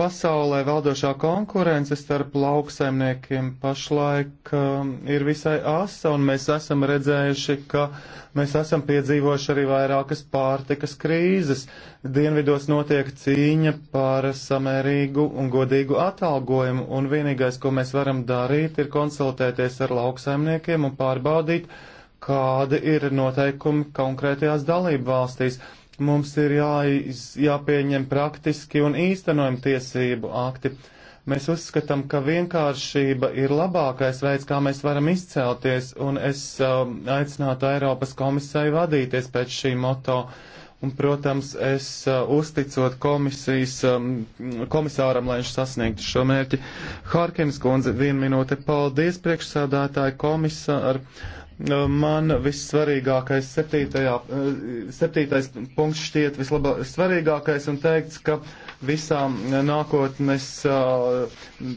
pasaulē valdošā konkurence starp lauksaimniekiem pašlaik um, ir visai asa, un mēs esam redzējuši, ka mēs esam piedzīvojuši arī vairākas pārtikas krīzes. Dienvidos notiek cīņa par samērīgu un godīgu atalgojumu, un vienīgais, ko mēs varam darīt, ir konsultēties ar lauksaimniekiem un pārbaudīt, kādi ir noteikumi konkrētajās dalību valstīs mums ir jāiz, jāpieņem praktiski un īstenojami tiesību akti. Mēs uzskatām, ka vienkāršība ir labākais veids, kā mēs varam izcelties, un es um, aicinātu Eiropas komisiju vadīties pēc šī moto. Un, protams, es uh, uzticot komisijas um, komisāram, lai viņš sasniegtu šo mērķi. Harkins kundze, viena minūte, paldies priekšsādātāji komisāri. Uh, man vissvarīgākais septītajā, eh, septītais punkts šķiet vislabākais un teikts, ka visām nākotnes eh,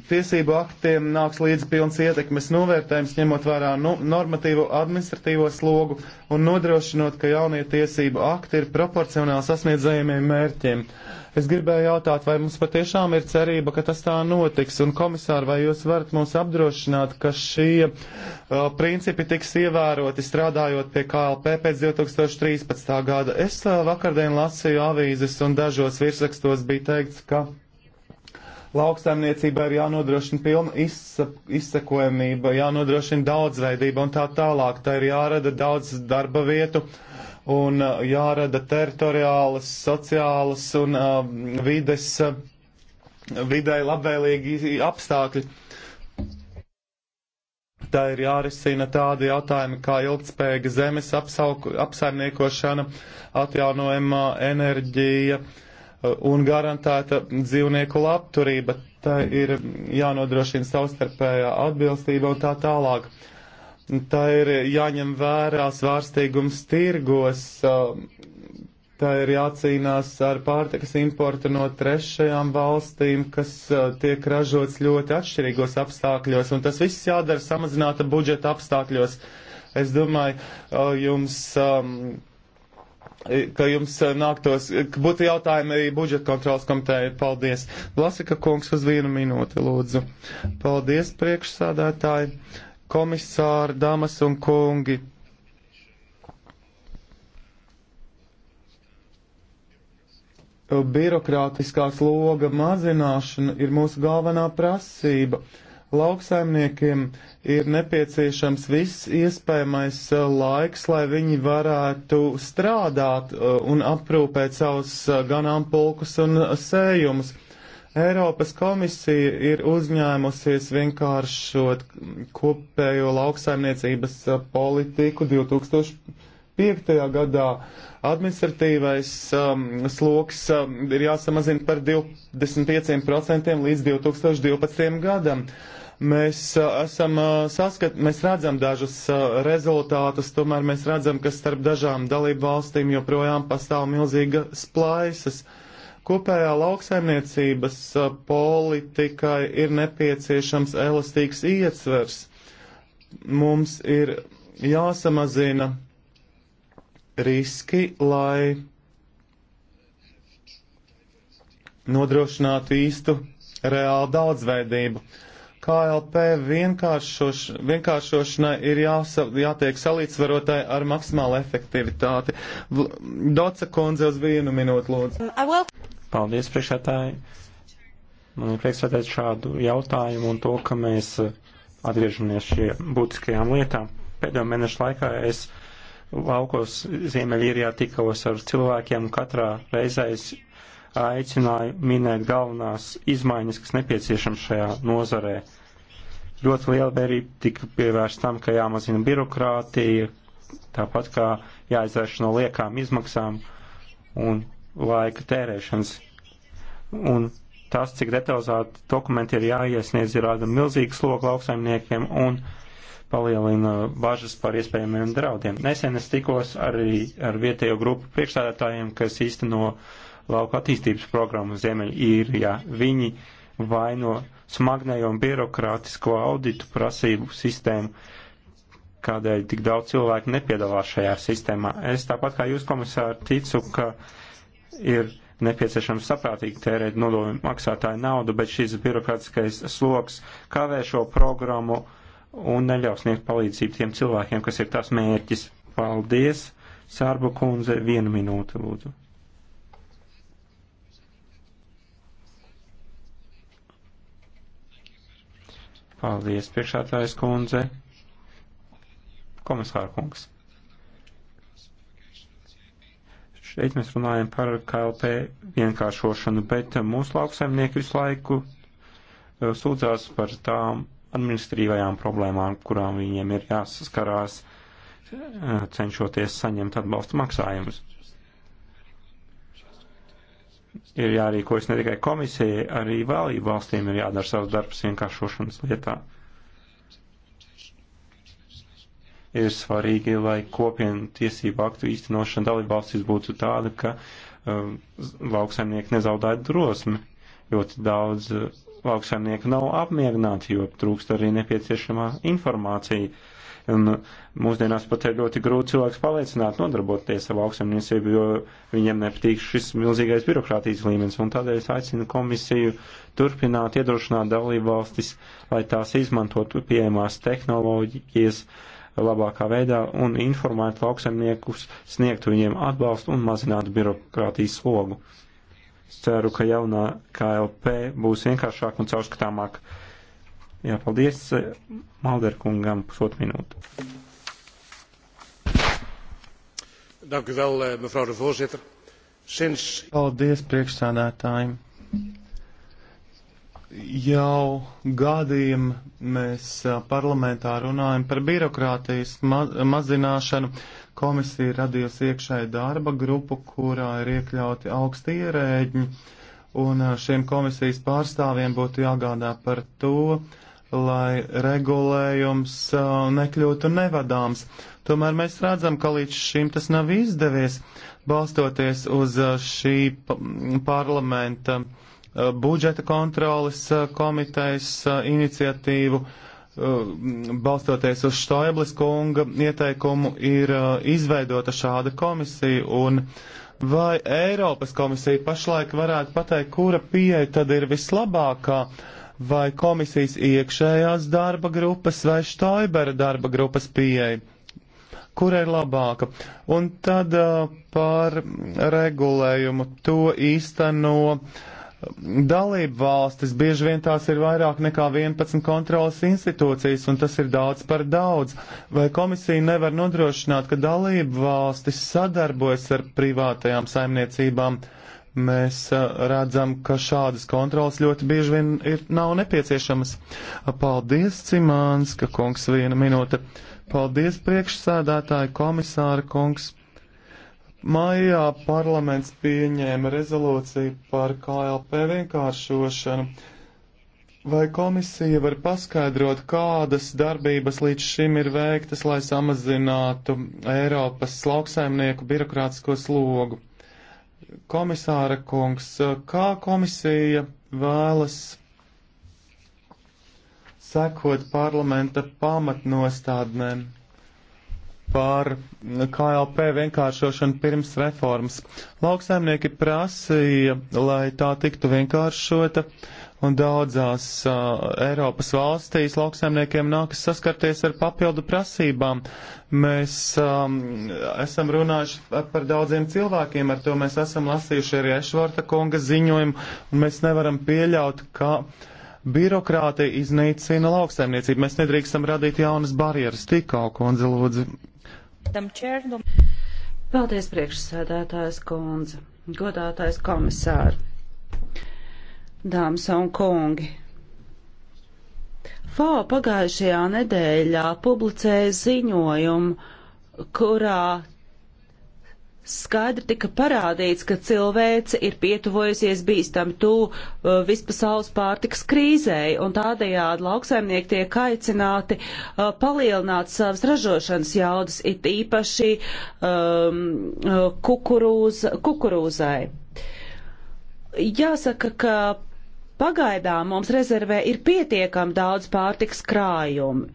tiesību aktiem nāks līdz pilns ietekmes novērtējums, ņemot vērā nu, normatīvo administratīvo slogu un nodrošinot, ka jaunie tiesību akti ir proporcionāli sasniedzējumiem mērķiem. Uh, Es gribēju jautāt, vai mums patiešām ir cerība, ka tas tā notiks, un komisāri, vai jūs varat mums apdrošināt, ka šie uh, principi tiks ievēroti strādājot pie KLP pēc 2013. gada? Es uh, vakardien lasīju avīzes, un dažos virsrakstos bija teikts, ka lauksaimniecībā ir jānodrošina pilna izsekojamība, jānodrošina daudzveidība un tā tālāk. Tā ir jārada daudz darba vietu un uh, jārada teritoriālas, sociālas un uh, vides, uh, vidai labvēlīgi apstākļi. Tā ir jārisina tādi jautājumi kā ilgtspējīga zemes apsauku, apsaimniekošana, atjaunojama enerģija uh, un garantēta dzīvnieku labturība. Tā ir jānodrošina savstarpējā atbilstība un tā tālāk. Uh, Tā ir jāņem vērā svārstīgums tirgos, um, tā ir jācīnās ar pārtikas importu no trešajām valstīm, kas uh, tiek ražots ļoti atšķirīgos apstākļos, un tas viss jādara samazināta budžeta apstākļos. Es domāju, uh, jums, um, ka jums uh, nāktos, ka būtu jautājumi arī budžeta kontrolas komitēja. Paldies. Vlasika kungs uz vienu minūti, lūdzu. Paldies, priekšsādātāji komisāri, dāmas un kungi! Birokrātiskā sloga mazināšana ir mūsu galvenā prasība. Lauksaimniekiem ir nepieciešams viss iespējamais uh, laiks, lai viņi varētu strādāt uh, un aprūpēt savus uh, ganāmpulkus un sējumus Eiropas komisija ir uzņēmusies vienkāršot kopējo lauksaimniecības politiku 2005. gadā. Administratīvais um, sloks um, ir jāsamazina par 25% līdz 2012. gadam. Mēs, uh, esam, uh, saskat, mēs redzam dažus uh, rezultātus, tomēr mēs redzam, ka starp dažām dalību valstīm joprojām pastāv milzīga splaisas. Uh, Kopējā lauksaimniecības politikai ir nepieciešams elastīgs ietvers. Mums ir jāsamazina riski, lai nodrošinātu īstu reālu daudzveidību. KLP vienkāršoš, vienkāršošanai ir jāsa, jātiek salīdzvarotai ar maksimālu efektivitāti. Doca kundze uz vienu minūtu lūdzu. Um, Paldies, priekšētāji. Man ir prieks redzēt šādu jautājumu un to, ka mēs uh, atgriežamies šie būtiskajām lietām. Pēdējo mēnešu laikā es laukos Ziemeļīrijā tikos ar cilvēkiem, katrā reizē es aicināju minēt galvenās izmaiņas, kas nepieciešams šajā nozarē. Ļoti liela vērība tika pievērsta tam, ka jāmazina birokrātija, tāpat kā jāizvērš no liekām izmaksām un laika tērēšanas. Un tas, cik detalizēti dokumenti ir jāiesniedz, ir rada milzīgu sloku lauksaimniekiem un palielina bažas par iespējamiem draudiem. Nesen es tikos arī ar vietējo grupu priekšstādātājiem, kas īsteno lauka attīstības programmu Ziemeļīrijā. Viņi vaino smagnējo un birokrātisko auditu prasību sistēmu, kādēļ tik daudz cilvēku nepiedalās šajā sistēmā. Es tāpat kā jūs, komisāri, ticu, ka uh, ir nepieciešams saprātīgi tērēt nodokļu maksātāju naudu, bet šis birokrātiskais sloks kavē šo programmu un neļaus sniegt palīdzību tiem cilvēkiem, kas ir tās mērķis. Paldies, Sārbu kundze, vienu minūti lūdzu. Paldies, priekšētājs kundze. Komisāra kungs. šeit mēs runājam par KLP vienkāršošanu, bet mūsu lauksaimnieki visu laiku eh, sūdzās par tām administrīvajām problēmām, kurām viņiem ir jāsaskarās, eh, cenšoties saņemt atbalsta maksājumus. Ir jārīkojas ne tikai komisijai, arī valību valstīm ir jādara savs darbs vienkāršošanas lietā. ir svarīgi, lai kopienu tiesību aktu īstenošana dalībvalstīs būtu tāda, ka um, lauksaimnieki nezaudētu drosmi. Ļoti daudz uh, lauksaimnieku nav apmierināti, jo trūkst arī nepieciešamā informācija. Un uh, mūsdienās pat ir ļoti grūti cilvēks paliecināt nodarboties ar lauksaimniecību, jo viņiem nepatīk šis milzīgais birokrātijas līmenis. Un tādēļ es aicinu komisiju turpināt iedrošināt dalībvalstis, lai tās izmantotu pieejamās tehnoloģijas, uh, labākā veidā un informētu lauksaimniekus, sniegtu viņiem atbalstu un mazinātu birokrātijas slogu. Es ceru, ka jaunā KLP būs vienkāršāk un caurskatāmāk. Jā, paldies Malderkungam pusotru minūtu. Dank u wel, eh, mevrouw de voorzitter. Sinds... Paldies priekšsādātājiem. Jau gadiem mēs parlamentā runājam par birokrātijas ma mazināšanu. Komisija radījusi iekšēju darba grupu, kurā ir iekļauti augsti ierēģi, un šiem komisijas pārstāvjiem būtu jāgādā par to, lai regulējums nekļūtu nevadāms. Tomēr mēs redzam, ka līdz šim tas nav izdevies, balstoties uz šī parlamenta uh, Eh, budžeta kontrolas eh, komitejas eh, iniciatīvu balstoties uz Štoiblis kunga ieteikumu, ir izveidota šāda komisija, un vai Eiropas komisija pašlaik varētu pateikt, kura pieeja tad ir vislabākā, vai komisijas iekšējās darba grupas vai Štoibera darba grupas pieeja? kura ir labāka. Un tad uh, par regulējumu to īsteno uh, dalību valstis, bieži vien tās ir vairāk nekā 11 kontrolas institūcijas, un tas ir daudz par daudz. Vai komisija nevar nodrošināt, ka dalību valstis sadarbojas ar privātajām saimniecībām? Mēs redzam, ka šādas kontrolas ļoti bieži vien ir, nav nepieciešamas. Paldies, Cimāns, ka kungs viena minūte. Paldies, priekšsēdētāji, komisāra kungs. Maijā parlaments pieņēma rezolūciju par KLP vienkāršošanu. Vai komisija var paskaidrot, kādas darbības līdz šim ir veiktas, lai samazinātu Eiropas lauksaimnieku birokrātisko slogu? Komisāra kungs, kā komisija vēlas sekot parlamenta pamatnostādnēm? par KLP vienkāršošanu pirms reformas. Lauksaimnieki prasīja, lai tā tiktu vienkāršota, un daudzās uh, Eiropas valstīs lauksaimniekiem nākas saskarties ar papildu prasībām. Mēs um, esam runājuši par daudziem cilvēkiem, ar to mēs esam lasījuši arī Ešvarta konga ziņojumu, un mēs nevaram pieļaut, ka birokrātija iznīcina lauksaimniecību. Mēs nedrīkstam radīt jaunas barjeras. Tikā, kundze, lūdzu. Paldies, priekšsēdētājs kundze, godātājs komisāri, dāmas un kungi. FAO pagājušajā nedēļā publicēja ziņojumu, kurā skaidri tika parādīts, ka cilvēce ir pietuvojusies bīstami tu uh, vispasaules pārtiks krīzei, un tādējādi lauksaimnieki tiek aicināti uh, palielināt savas ražošanas jaudas, it īpaši um, uh, kukurūz, kukurūzai. Jāsaka, ka pagaidām mums rezervē ir pietiekam daudz pārtiks krājumu,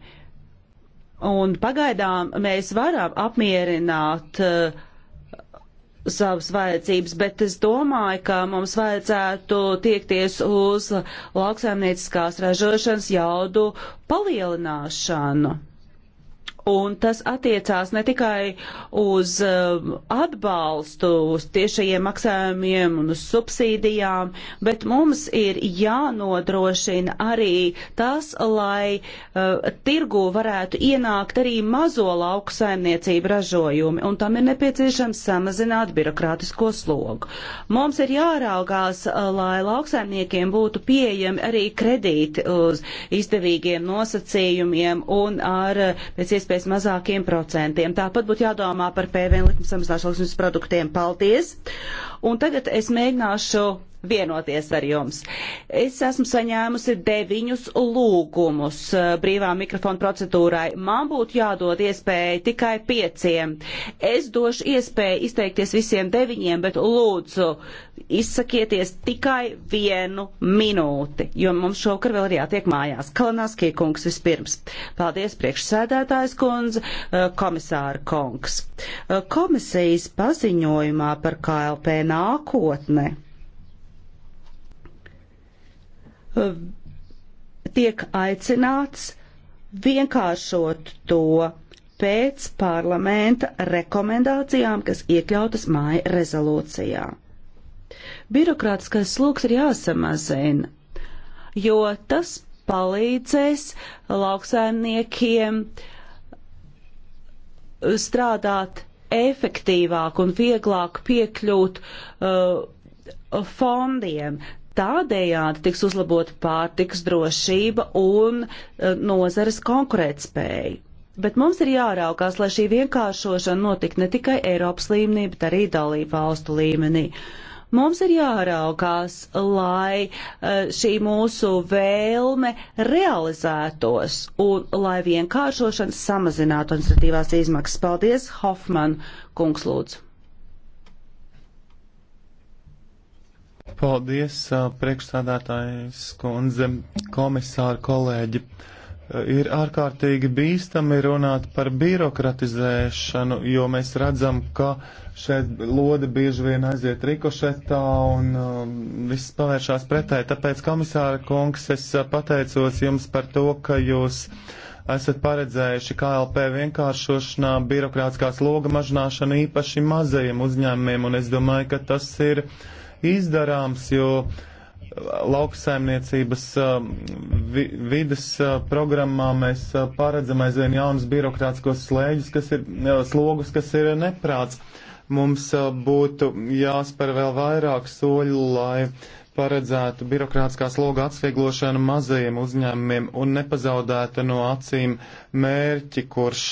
un pagaidām mēs varam apmierināt uh, savas vajadzības, bet es domāju, ka mums vajadzētu tiekties uz lauksaimnieciskās ražošanas jaudu palielināšanu. Un tas attiecās ne tikai uz um, atbalstu, uz tiešajiem maksājumiem un uz subsīdijām, bet mums ir jānodrošina arī tas, lai uh, tirgu varētu ienākt arī mazo lauku saimniecību ražojumi, un tam ir nepieciešams samazināt birokrātisko slogu. Mums ir jāraugās, uh, lai lauksaimniekiem būtu pieejami arī kredīti uz izdevīgiem nosacījumiem un ar uh, pēc iespējas iespējas mazākiem procentiem. Tāpat būtu jādomā par PVN likuma samazināšanas produktiem. Paldies! Un tagad es mēģināšu vienoties ar jums. Es esmu saņēmusi deviņus lūgumus uh, brīvā mikrofona procedūrai. Man būtu jādod iespēja tikai pieciem. Es došu iespēju izteikties visiem deviņiem, bet lūdzu izsakieties tikai vienu minūti, jo mums šovakar vēl ir jātiek mājās. Kalanāskie kungs vispirms. Paldies priekšsēdētājs kundze, uh, komisāra kungs. Uh, komisijas paziņojumā par KLP nākotne tiek aicināts vienkāršot to pēc parlamenta rekomendācijām, kas iekļautas māja rezolūcijā. Birokrātiskais sloks ir jāsamazina, jo tas palīdzēs lauksaimniekiem strādāt efektīvāk un vieglāk piekļūt uh, fondiem. Tādējādi tiks uzlabota pārtiks drošība un eh, nozares konkurētspēja. Bet mums ir jāraukās, lai šī vienkāršošana notiktu ne tikai Eiropas līmenī, bet arī dalību valstu līmenī. Mums ir jāraukās, lai eh, šī mūsu vēlme realizētos un lai vienkāršošana samazinātu administratīvās izmaksas. Paldies, Hofman kungs lūdzu. Paldies, priekšstādātājs kundze, komisāra kolēģi. Ir ārkārtīgi bīstami runāt par birokratizēšanu, jo mēs redzam, ka šeit lode bieži vien aiziet rikošetā un uh, viss pavēršās pretēji. Tāpēc, komisāra kungs, es pateicos jums par to, ka jūs esat paredzējuši KLP vienkāršošanā birokrātiskās loga mažināšanu īpaši mazajiem uzņēmumiem, un es domāju, ka tas ir. Uh, izdarāms, jo lauksaimniecības uh, vi, vidas uh, programmā mēs uh, paredzam aizvien jaunas birokrātiskos slēģus, kas ir slogus, kas ir neprāts. Mums būtu jāspēr vēl vairāk soļu, lai paredzētu birokrātiskā sloga atvieglošanu mazajiem uzņēmumiem un nepazaudētu no acīm mērķi, kurš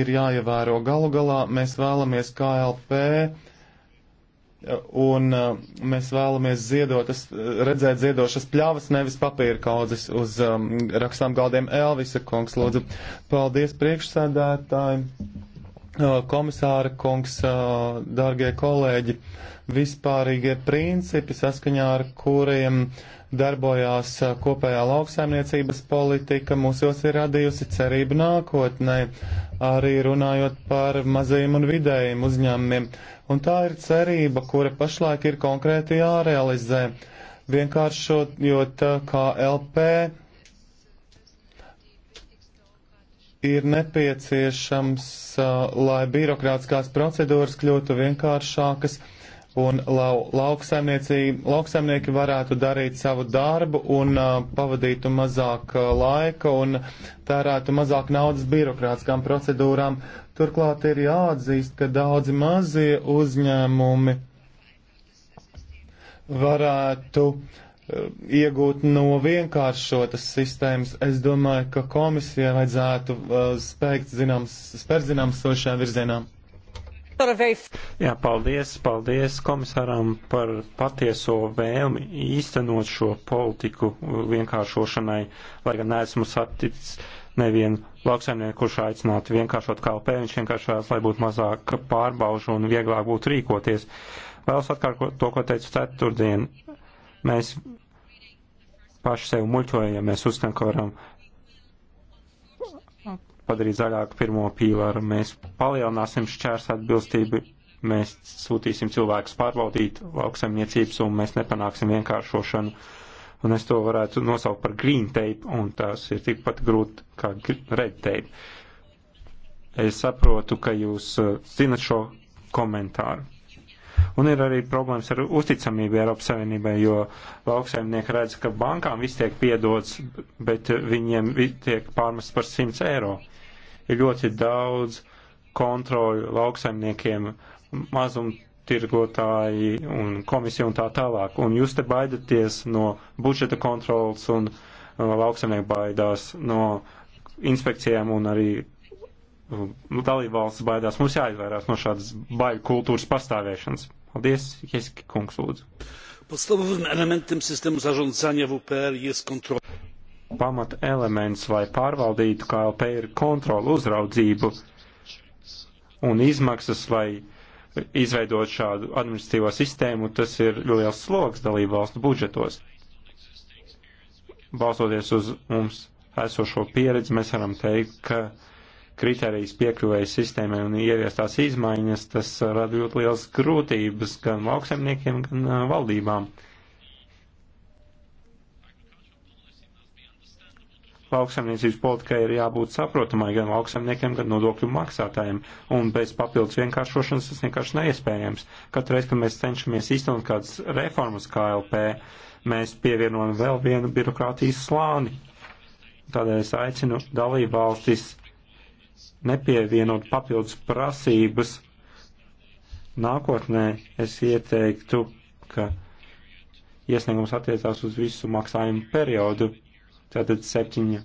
ir jāievēro galu galā. Mēs vēlamies KLP un uh, mēs vēlamies ziedotas, uh, redzēt ziedošas pļavas, nevis papīra kaudzes uz um, rakstām galdiem Elvisa kungs, lūdzu. Paldies priekšsēdētāji, uh, komisāra kungs, dārgie kolēģi, vispārīgie principi, saskaņā ar kuriem darbojās kopējā lauksaimniecības politika, mūsos ir radījusi cerību nākotnē, arī runājot par mazajiem un vidējiem uzņēmumiem Un tā ir cerība, kura pašlaik ir konkrēti jārealizē, vienkāršojot KLP ir nepieciešams, uh, lai birokrātiskās procedūras kļūtu vienkāršākas un lau, lauksaimnieki varētu darīt savu darbu un uh, pavadītu mazāk uh, laika un tērētu mazāk naudas birokrātiskām procedūrām. Turklāt ir jāatzīst, ka daudzi mazie uzņēmumi varētu uh, iegūt no vienkāršotas sistēmas. Es domāju, ka komisijai vajadzētu uh, spērt zināms, spērt zināms sošajā virzienā. Jā, paldies, paldies komisaram par patieso vēlmi īstenot šo politiku vienkāršošanai, lai gan neesmu saticis nevienu lauksaimnieku, kurš aicinātu vienkāršot kalpē, viņš vienkāršās, lai būtu mazāk pārbaužu un vieglāk būtu rīkoties. Vēlos atkārtot to, ko teicu ceturtdien. Mēs paši sev muļķojam, ja mēs uzskatām, ka varam uh, padarīt zaļāku pirmo pīlāru, mēs palielināsim šķērs atbilstību, mēs sūtīsim cilvēkus pārbaudīt lauksaimniecības un mēs nepanāksim vienkāršošanu. Un es to varētu nosaukt par green tape, un tas ir tikpat grūti kā red tape. Es saprotu, ka jūs uh, zinat šo komentāru. Un ir arī problēmas ar uzticamību Eiropas Savienībai, jo lauksaimnieki redz, ka bankām viss tiek piedots, bet viņiem tiek pārmests par 100 eiro. Ir ļoti daudz kontroļu lauksaimniekiem, mazumtirgotāji un komisija un tā tālāk. Un jūs te baidaties no budžeta kontrols un uh, lauksaimnieki baidās no inspekcijām un arī nu, dalībvalsts baidās. Mums jāizvairās no šādas baļu kultūras pastāvēšanas. Paldies, Jeski kungs, lūdzu. Podstawowym elementem systemu zarządzania WPR jest kontrola pamata elements, lai pārvaldītu KLP, ir kontrola uzraudzību un izmaksas, lai izveidot šādu administratīvo sistēmu, tas ir liels sloks dalību valstu budžetos. Balstoties uz mums esošo pieredzi, mēs varam teikt, ka kriterijas piekļuvējas sistēmai un ieviestās izmaiņas, tas rada ļoti liels grūtības gan lauksaimniekiem, gan valdībām. Uh, lauksaimniecības politikai ir jābūt saprotamai gan lauksaimniekiem, gan nodokļu maksātājiem, un bez papildus vienkāršošanas tas vienkārši neiespējams. Katru reizi, kad mēs cenšamies īstenot kādas reformas KLP, mēs pievienojam vēl vienu birokrātijas slāni. Tādēļ es aicinu dalību valstis nepievienot papildus prasības. Nākotnē es ieteiktu, ka iesniegums attiecās uz visu maksājumu periodu, tātad septiņa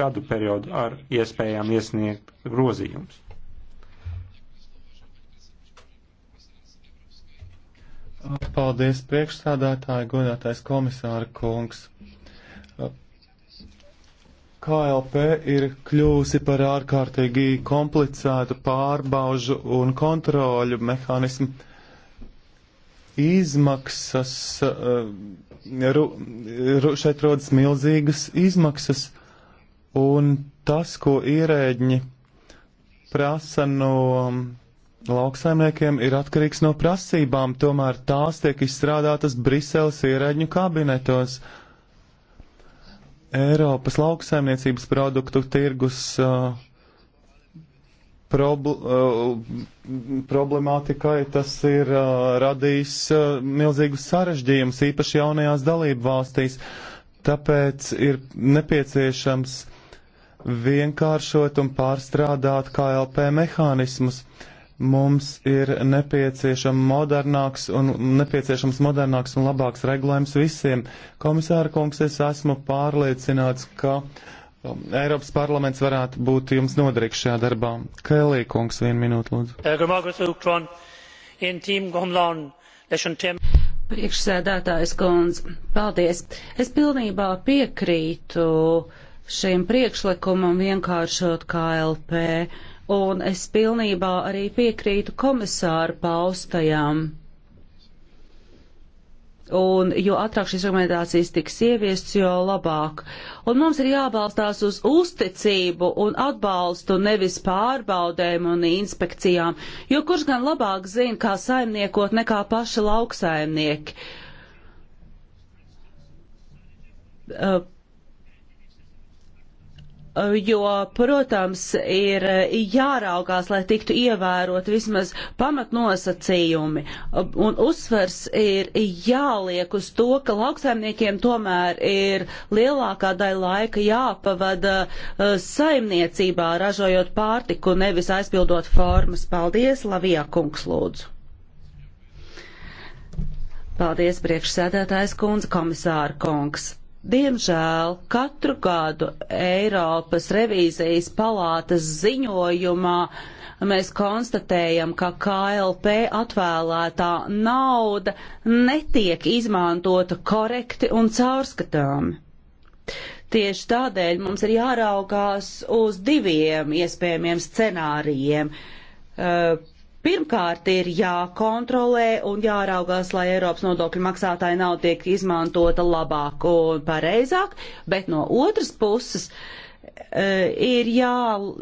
gadu periodu ar iespējām iesniegt grozījumus. Paldies priekšstādātāji, godātais komisāra kungs. KLP ir kļūsi par ārkārtīgi komplicētu pārbaužu un kontroļu mehānismu izmaksas, eh, ru, ru, šeit rodas milzīgas izmaksas, un tas, ko ierēģi prasa no lauksaimniekiem, ir atkarīgs no prasībām, tomēr tās tiek izstrādātas Briseles ierēģu kabinetos. Eiropas lauksaimniecības produktu tirgus uh, probl uh, problemātikai tas ir uh, radījis uh, milzīgus sarežģījumus, īpaši jaunajās dalību valstīs. Tāpēc ir nepieciešams vienkāršot un pārstrādāt KLP mehānismus. Mums ir nepieciešams modernāks un, nepieciešams modernāks un labāks regulējums visiem. Komisāra kungs, es esmu pārliecināts, ka uh, Eiropas parlaments varētu būt jums noderīgs šajā darbā. Kēlī kungs, vienu minūtu lūdzu. Eh, Priekšsēdētājs kundze, paldies. Es pilnībā piekrītu šim priekšlikumam vienkāršot KLP, un es pilnībā arī piekrītu komisāru paustajam. Un jo ātrāk šīs rekomendācijas tiks ieviests, jo labāk. Un mums ir jābalstās uz uzticību un atbalstu, nevis pārbaudēm un inspekcijām, jo kurš gan labāk zina, kā saimniekot, nekā paši lauksaimnieki. Uh, jo, protams, ir jāraugās, lai tiktu ievērot vismaz pamatnosacījumi. Un uzsvers ir jāliek uz to, ka lauksaimniekiem tomēr ir lielākā daļa laika jāpavada eh, saimniecībā, ražojot pārtiku, nevis aizpildot formas. Paldies, Lavijā kungs, lūdzu! Paldies, priekšsēdētājs kundze, komisāra kungs. Diemžēl katru gadu Eiropas revīzijas palātas ziņojumā mēs konstatējam, ka KLP atvēlētā nauda netiek izmantota korekti un caurskatāmi. Tieši tādēļ mums ir jāraugās uz diviem iespējamiem scenārijiem. Uh, Pirmkārt, ir jākontrolē un jāraugās, lai Eiropas nodokļu maksātāja nauda tiek izmantota labāk un pareizāk, bet no otras puses uh, Eh, ir jā,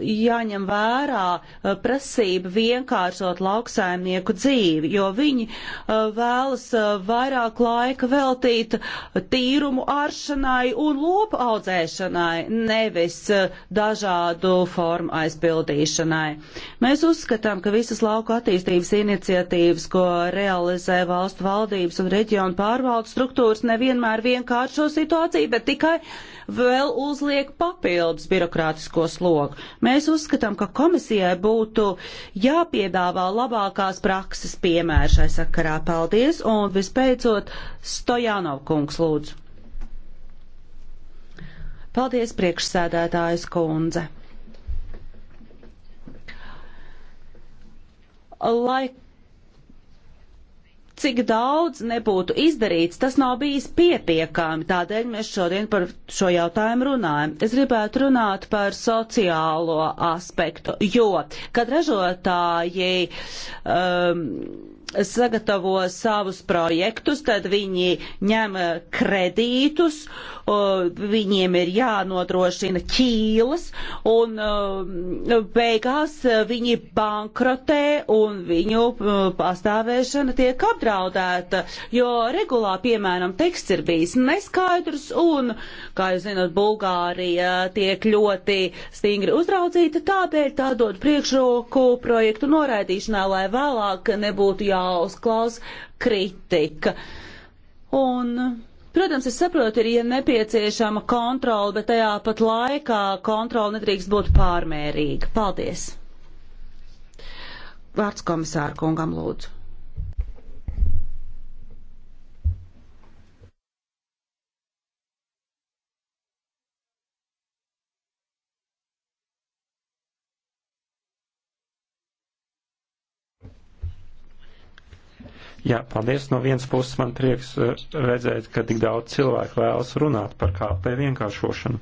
jāņem vērā eh, prasība vienkāršot lauksaimnieku dzīvi, jo viņi eh, vēlas vairāk laika veltīt tīrumu aršanai un lopu audzēšanai, nevis dažādu formu aizpildīšanai. Mēs uzskatām, ka visas lauka attīstības iniciatīvas, ko realizē valstu valdības un reģionu pārvaldu struktūras, nevienmēr vienkāršo situāciju, bet tikai uh, vēl uzliek papildus birokrātisko slogu. Mēs uzskatām, ka komisijai būtu jāpiedāvā labākās prakses piemēri šai sakarā. Paldies! Un vispēcot, Stojanov kungs lūdzu. Paldies, priekšsēdētājas kundze! Like cik daudz nebūtu izdarīts, tas nav bijis pietiekami. Tādēļ mēs šodien par šo jautājumu runājam. Es gribētu runāt par sociālo aspektu, jo, kad ražotāji um, sagatavo savus projektus, tad viņi ņem kredītus, viņiem ir jānodrošina ķīles, un beigās viņi bankrotē un viņu pastāvēšana tiek apdraudēta, jo regulā, piemēram, teksts ir bijis neskaidrs un, kā jūs zinat, Bulgārija tiek ļoti stingri uzraudzīta, tāpēc tā dod priekšroku projektu noraidīšanā, lai vēlāk nebūtu jā jāuzklaus kritika. Un, protams, es saprotu, ir ja nepieciešama kontrola, bet tajā pat laikā kontrola nedrīkst būt pārmērīga. Paldies! Vārds komisāra kungam lūdzu. Jā, paldies. No vienas puses man prieks eh, redzēt, ka tik daudz cilvēku vēlas runāt par KLP vienkāršošanu.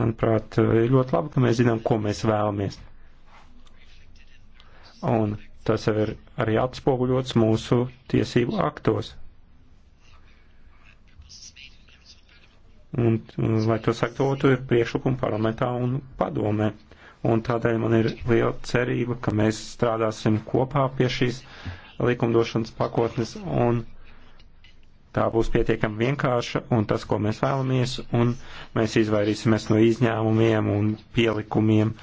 Manuprāt, eh, ir ļoti labi, ka mēs zinām, ko mēs vēlamies. Un tas jau ir arī atspoguļots mūsu tiesību aktos. Un, lai to saktotu, ir priekšlikumi parlamentā un padomē un tādēļ man ir liela cerība, ka mēs strādāsim kopā pie šīs likumdošanas pakotnes, un tā būs pietiekami vienkārša, un tas, ko mēs vēlamies, un mēs izvairīsimies no izņēmumiem un pielikumiem.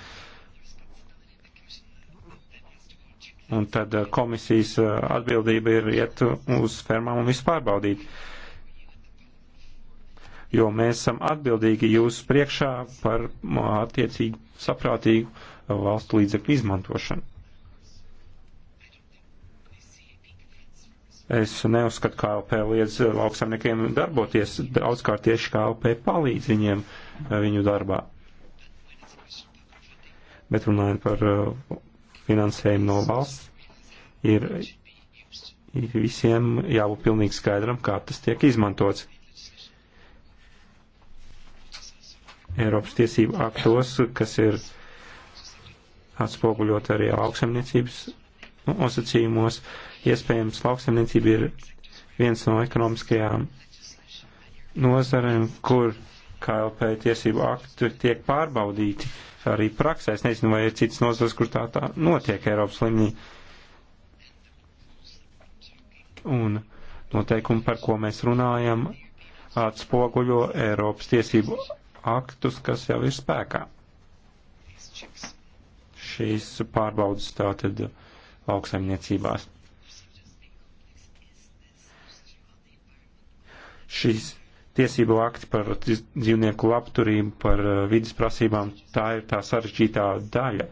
Un tad uh, komisijas uh, atbildība ir iet uz fermām un visu pārbaudīt. Jo mēs esam atbildīgi jūsu priekšā par uh, attiecīgu saprātīgu uh, valstu līdzekļu izmantošanu. Es neuzskatu, ka KLP liedz uh, lauksamniekiem darboties, daudzkārt tieši KLP palīdz viņiem uh, viņu darbā. Bet runājot par finansējumu no valsts, ir, ir visiem jābūt pilnīgi skaidram, kā tas tiek izmantots. Eiropas tiesību aktos, kas ir atspoguļot arī lauksemniecības nosacījumos. Iespējams, lauksemniecība ir viens no ekonomiskajām nozarēm, kur KLP tiesību aktu tiek pārbaudīti arī praksē. Es nezinu, vai ir citas nozars, kur tā tā notiek Eiropas līmenī. Un noteikumi, par ko mēs runājam, atspoguļo Eiropas tiesību aktus, kas jau ir spēkā. Šīs pārbaudas tātad lauksaimniecībās. Šīs tiesību akti par dzīvnieku labturību, par uh, vidas prasībām, tā ir tā sarežģītā daļa.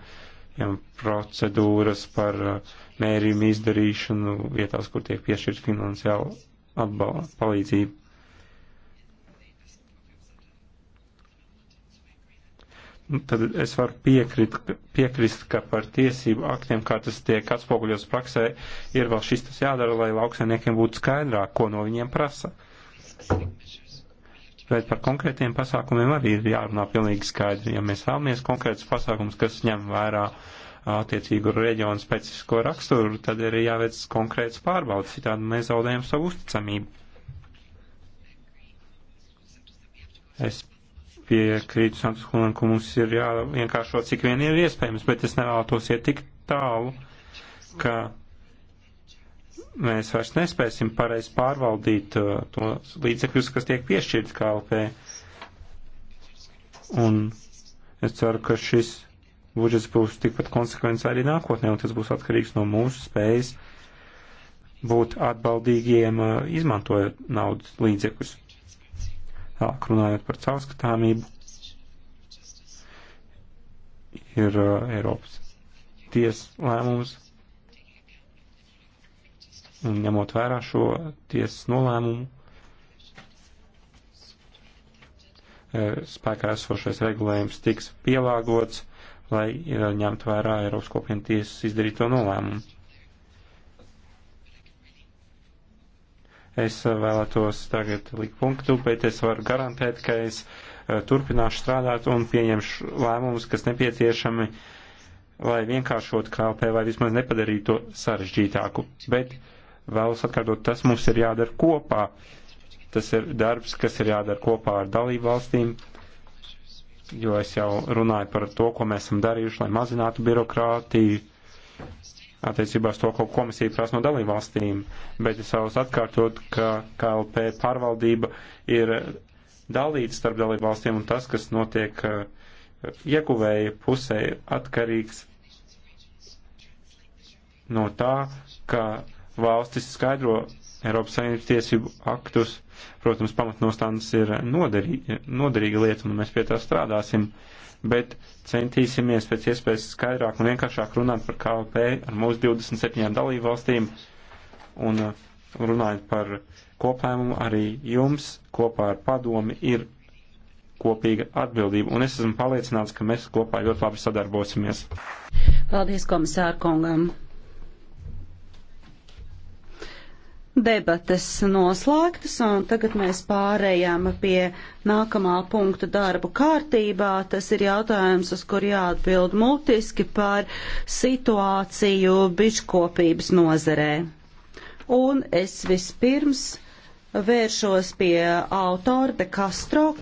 Ja procedūras par uh, mērījumu izdarīšanu vietās, kur tiek piešķirt finansiāla atbalsta palīdzība. Nu, tad es varu piekrist, piekrist, ka par tiesību aktiem, kā tas tiek atspoguļos praksē, ir vēl šis tas jādara, lai lauksainiekiem būtu skaidrāk, ko no viņiem prasa. Bet par konkrētiem pasākumiem arī ir jārunā pilnīgi skaidri. Ja mēs vēlamies konkrētus pasākumus, kas ņem vērā attiecīgu reģionu specifisko raksturu, tad ir jāveic konkrēts pārbaudas, citādi mēs zaudējam savu uzticamību. Es piekrītu Santuskunam, ka mums ir jāvienkāršo cik vien ir iespējams, bet es nevēlētos iet tik tālu, ka mēs vairs nespēsim pareizi pārvaldīt uh, tos līdzekļus, kas tiek piešķirti KLP. Un es ceru, ka šis budžets būs tikpat konsekvents arī nākotnē, un tas būs atkarīgs no mūsu spējas būt atbaldīgiem, uh, izmantojot naudas līdzekļus. Tālāk runājot par caurskatāmību, ir uh, Eiropas tiesas lēmums, un ņemot vērā šo tiesas nolēmumu, e, spēkā esošais regulējums tiks pielāgots, lai e, ņemtu vērā Eiropas kopienu tiesas izdarīto nolēmumu. Es vēlētos tagad likt punktu, bet es varu garantēt, ka es e, turpināšu strādāt un pieņemšu lēmumus, kas nepieciešami, lai vienkāršotu KLP vai vismaz nepadarītu to sarežģītāku. Bet vēlos atkārtot, tas mums ir jādara kopā. Tas ir darbs, kas ir jādara kopā ar dalību valstīm, jo es jau runāju par to, ko mēs esam darījuši, lai mazinātu birokrātiju attiecībā uz to, ko komisija prasa no dalībvalstīm, bet es vēlos atkārtot, ka KLP pārvaldība ir dalīta starp dalībvalstīm un tas, kas notiek eh, iekuvēja pusē, atkarīgs no tā, ka valstis skaidro Eiropas Savienības tiesību aktus. Protams, pamatnostādnes ir noderīga, noderīga lieta, un mēs pie tā strādāsim. Uh, bet centīsimies pēc iespējas skaidrāk un vienkāršāk runāt par KLP ar mūsu 27 dalību valstīm un uh, runājot par koplēmumu arī jums kopā ar padomi ir kopīga atbildība, un es esmu pārliecināts, ka mēs kopā ļoti labi sadarbosimies. Paldies komisāru kungam! Debates noslēgtas, un tagad mēs pārējām pie nākamā punkta darbu kārtībā. Tas ir jautājums, uz kur jāatbild mutiski par situāciju biškopības nozerē. Un es vispirms vēršos pie autora De Castro,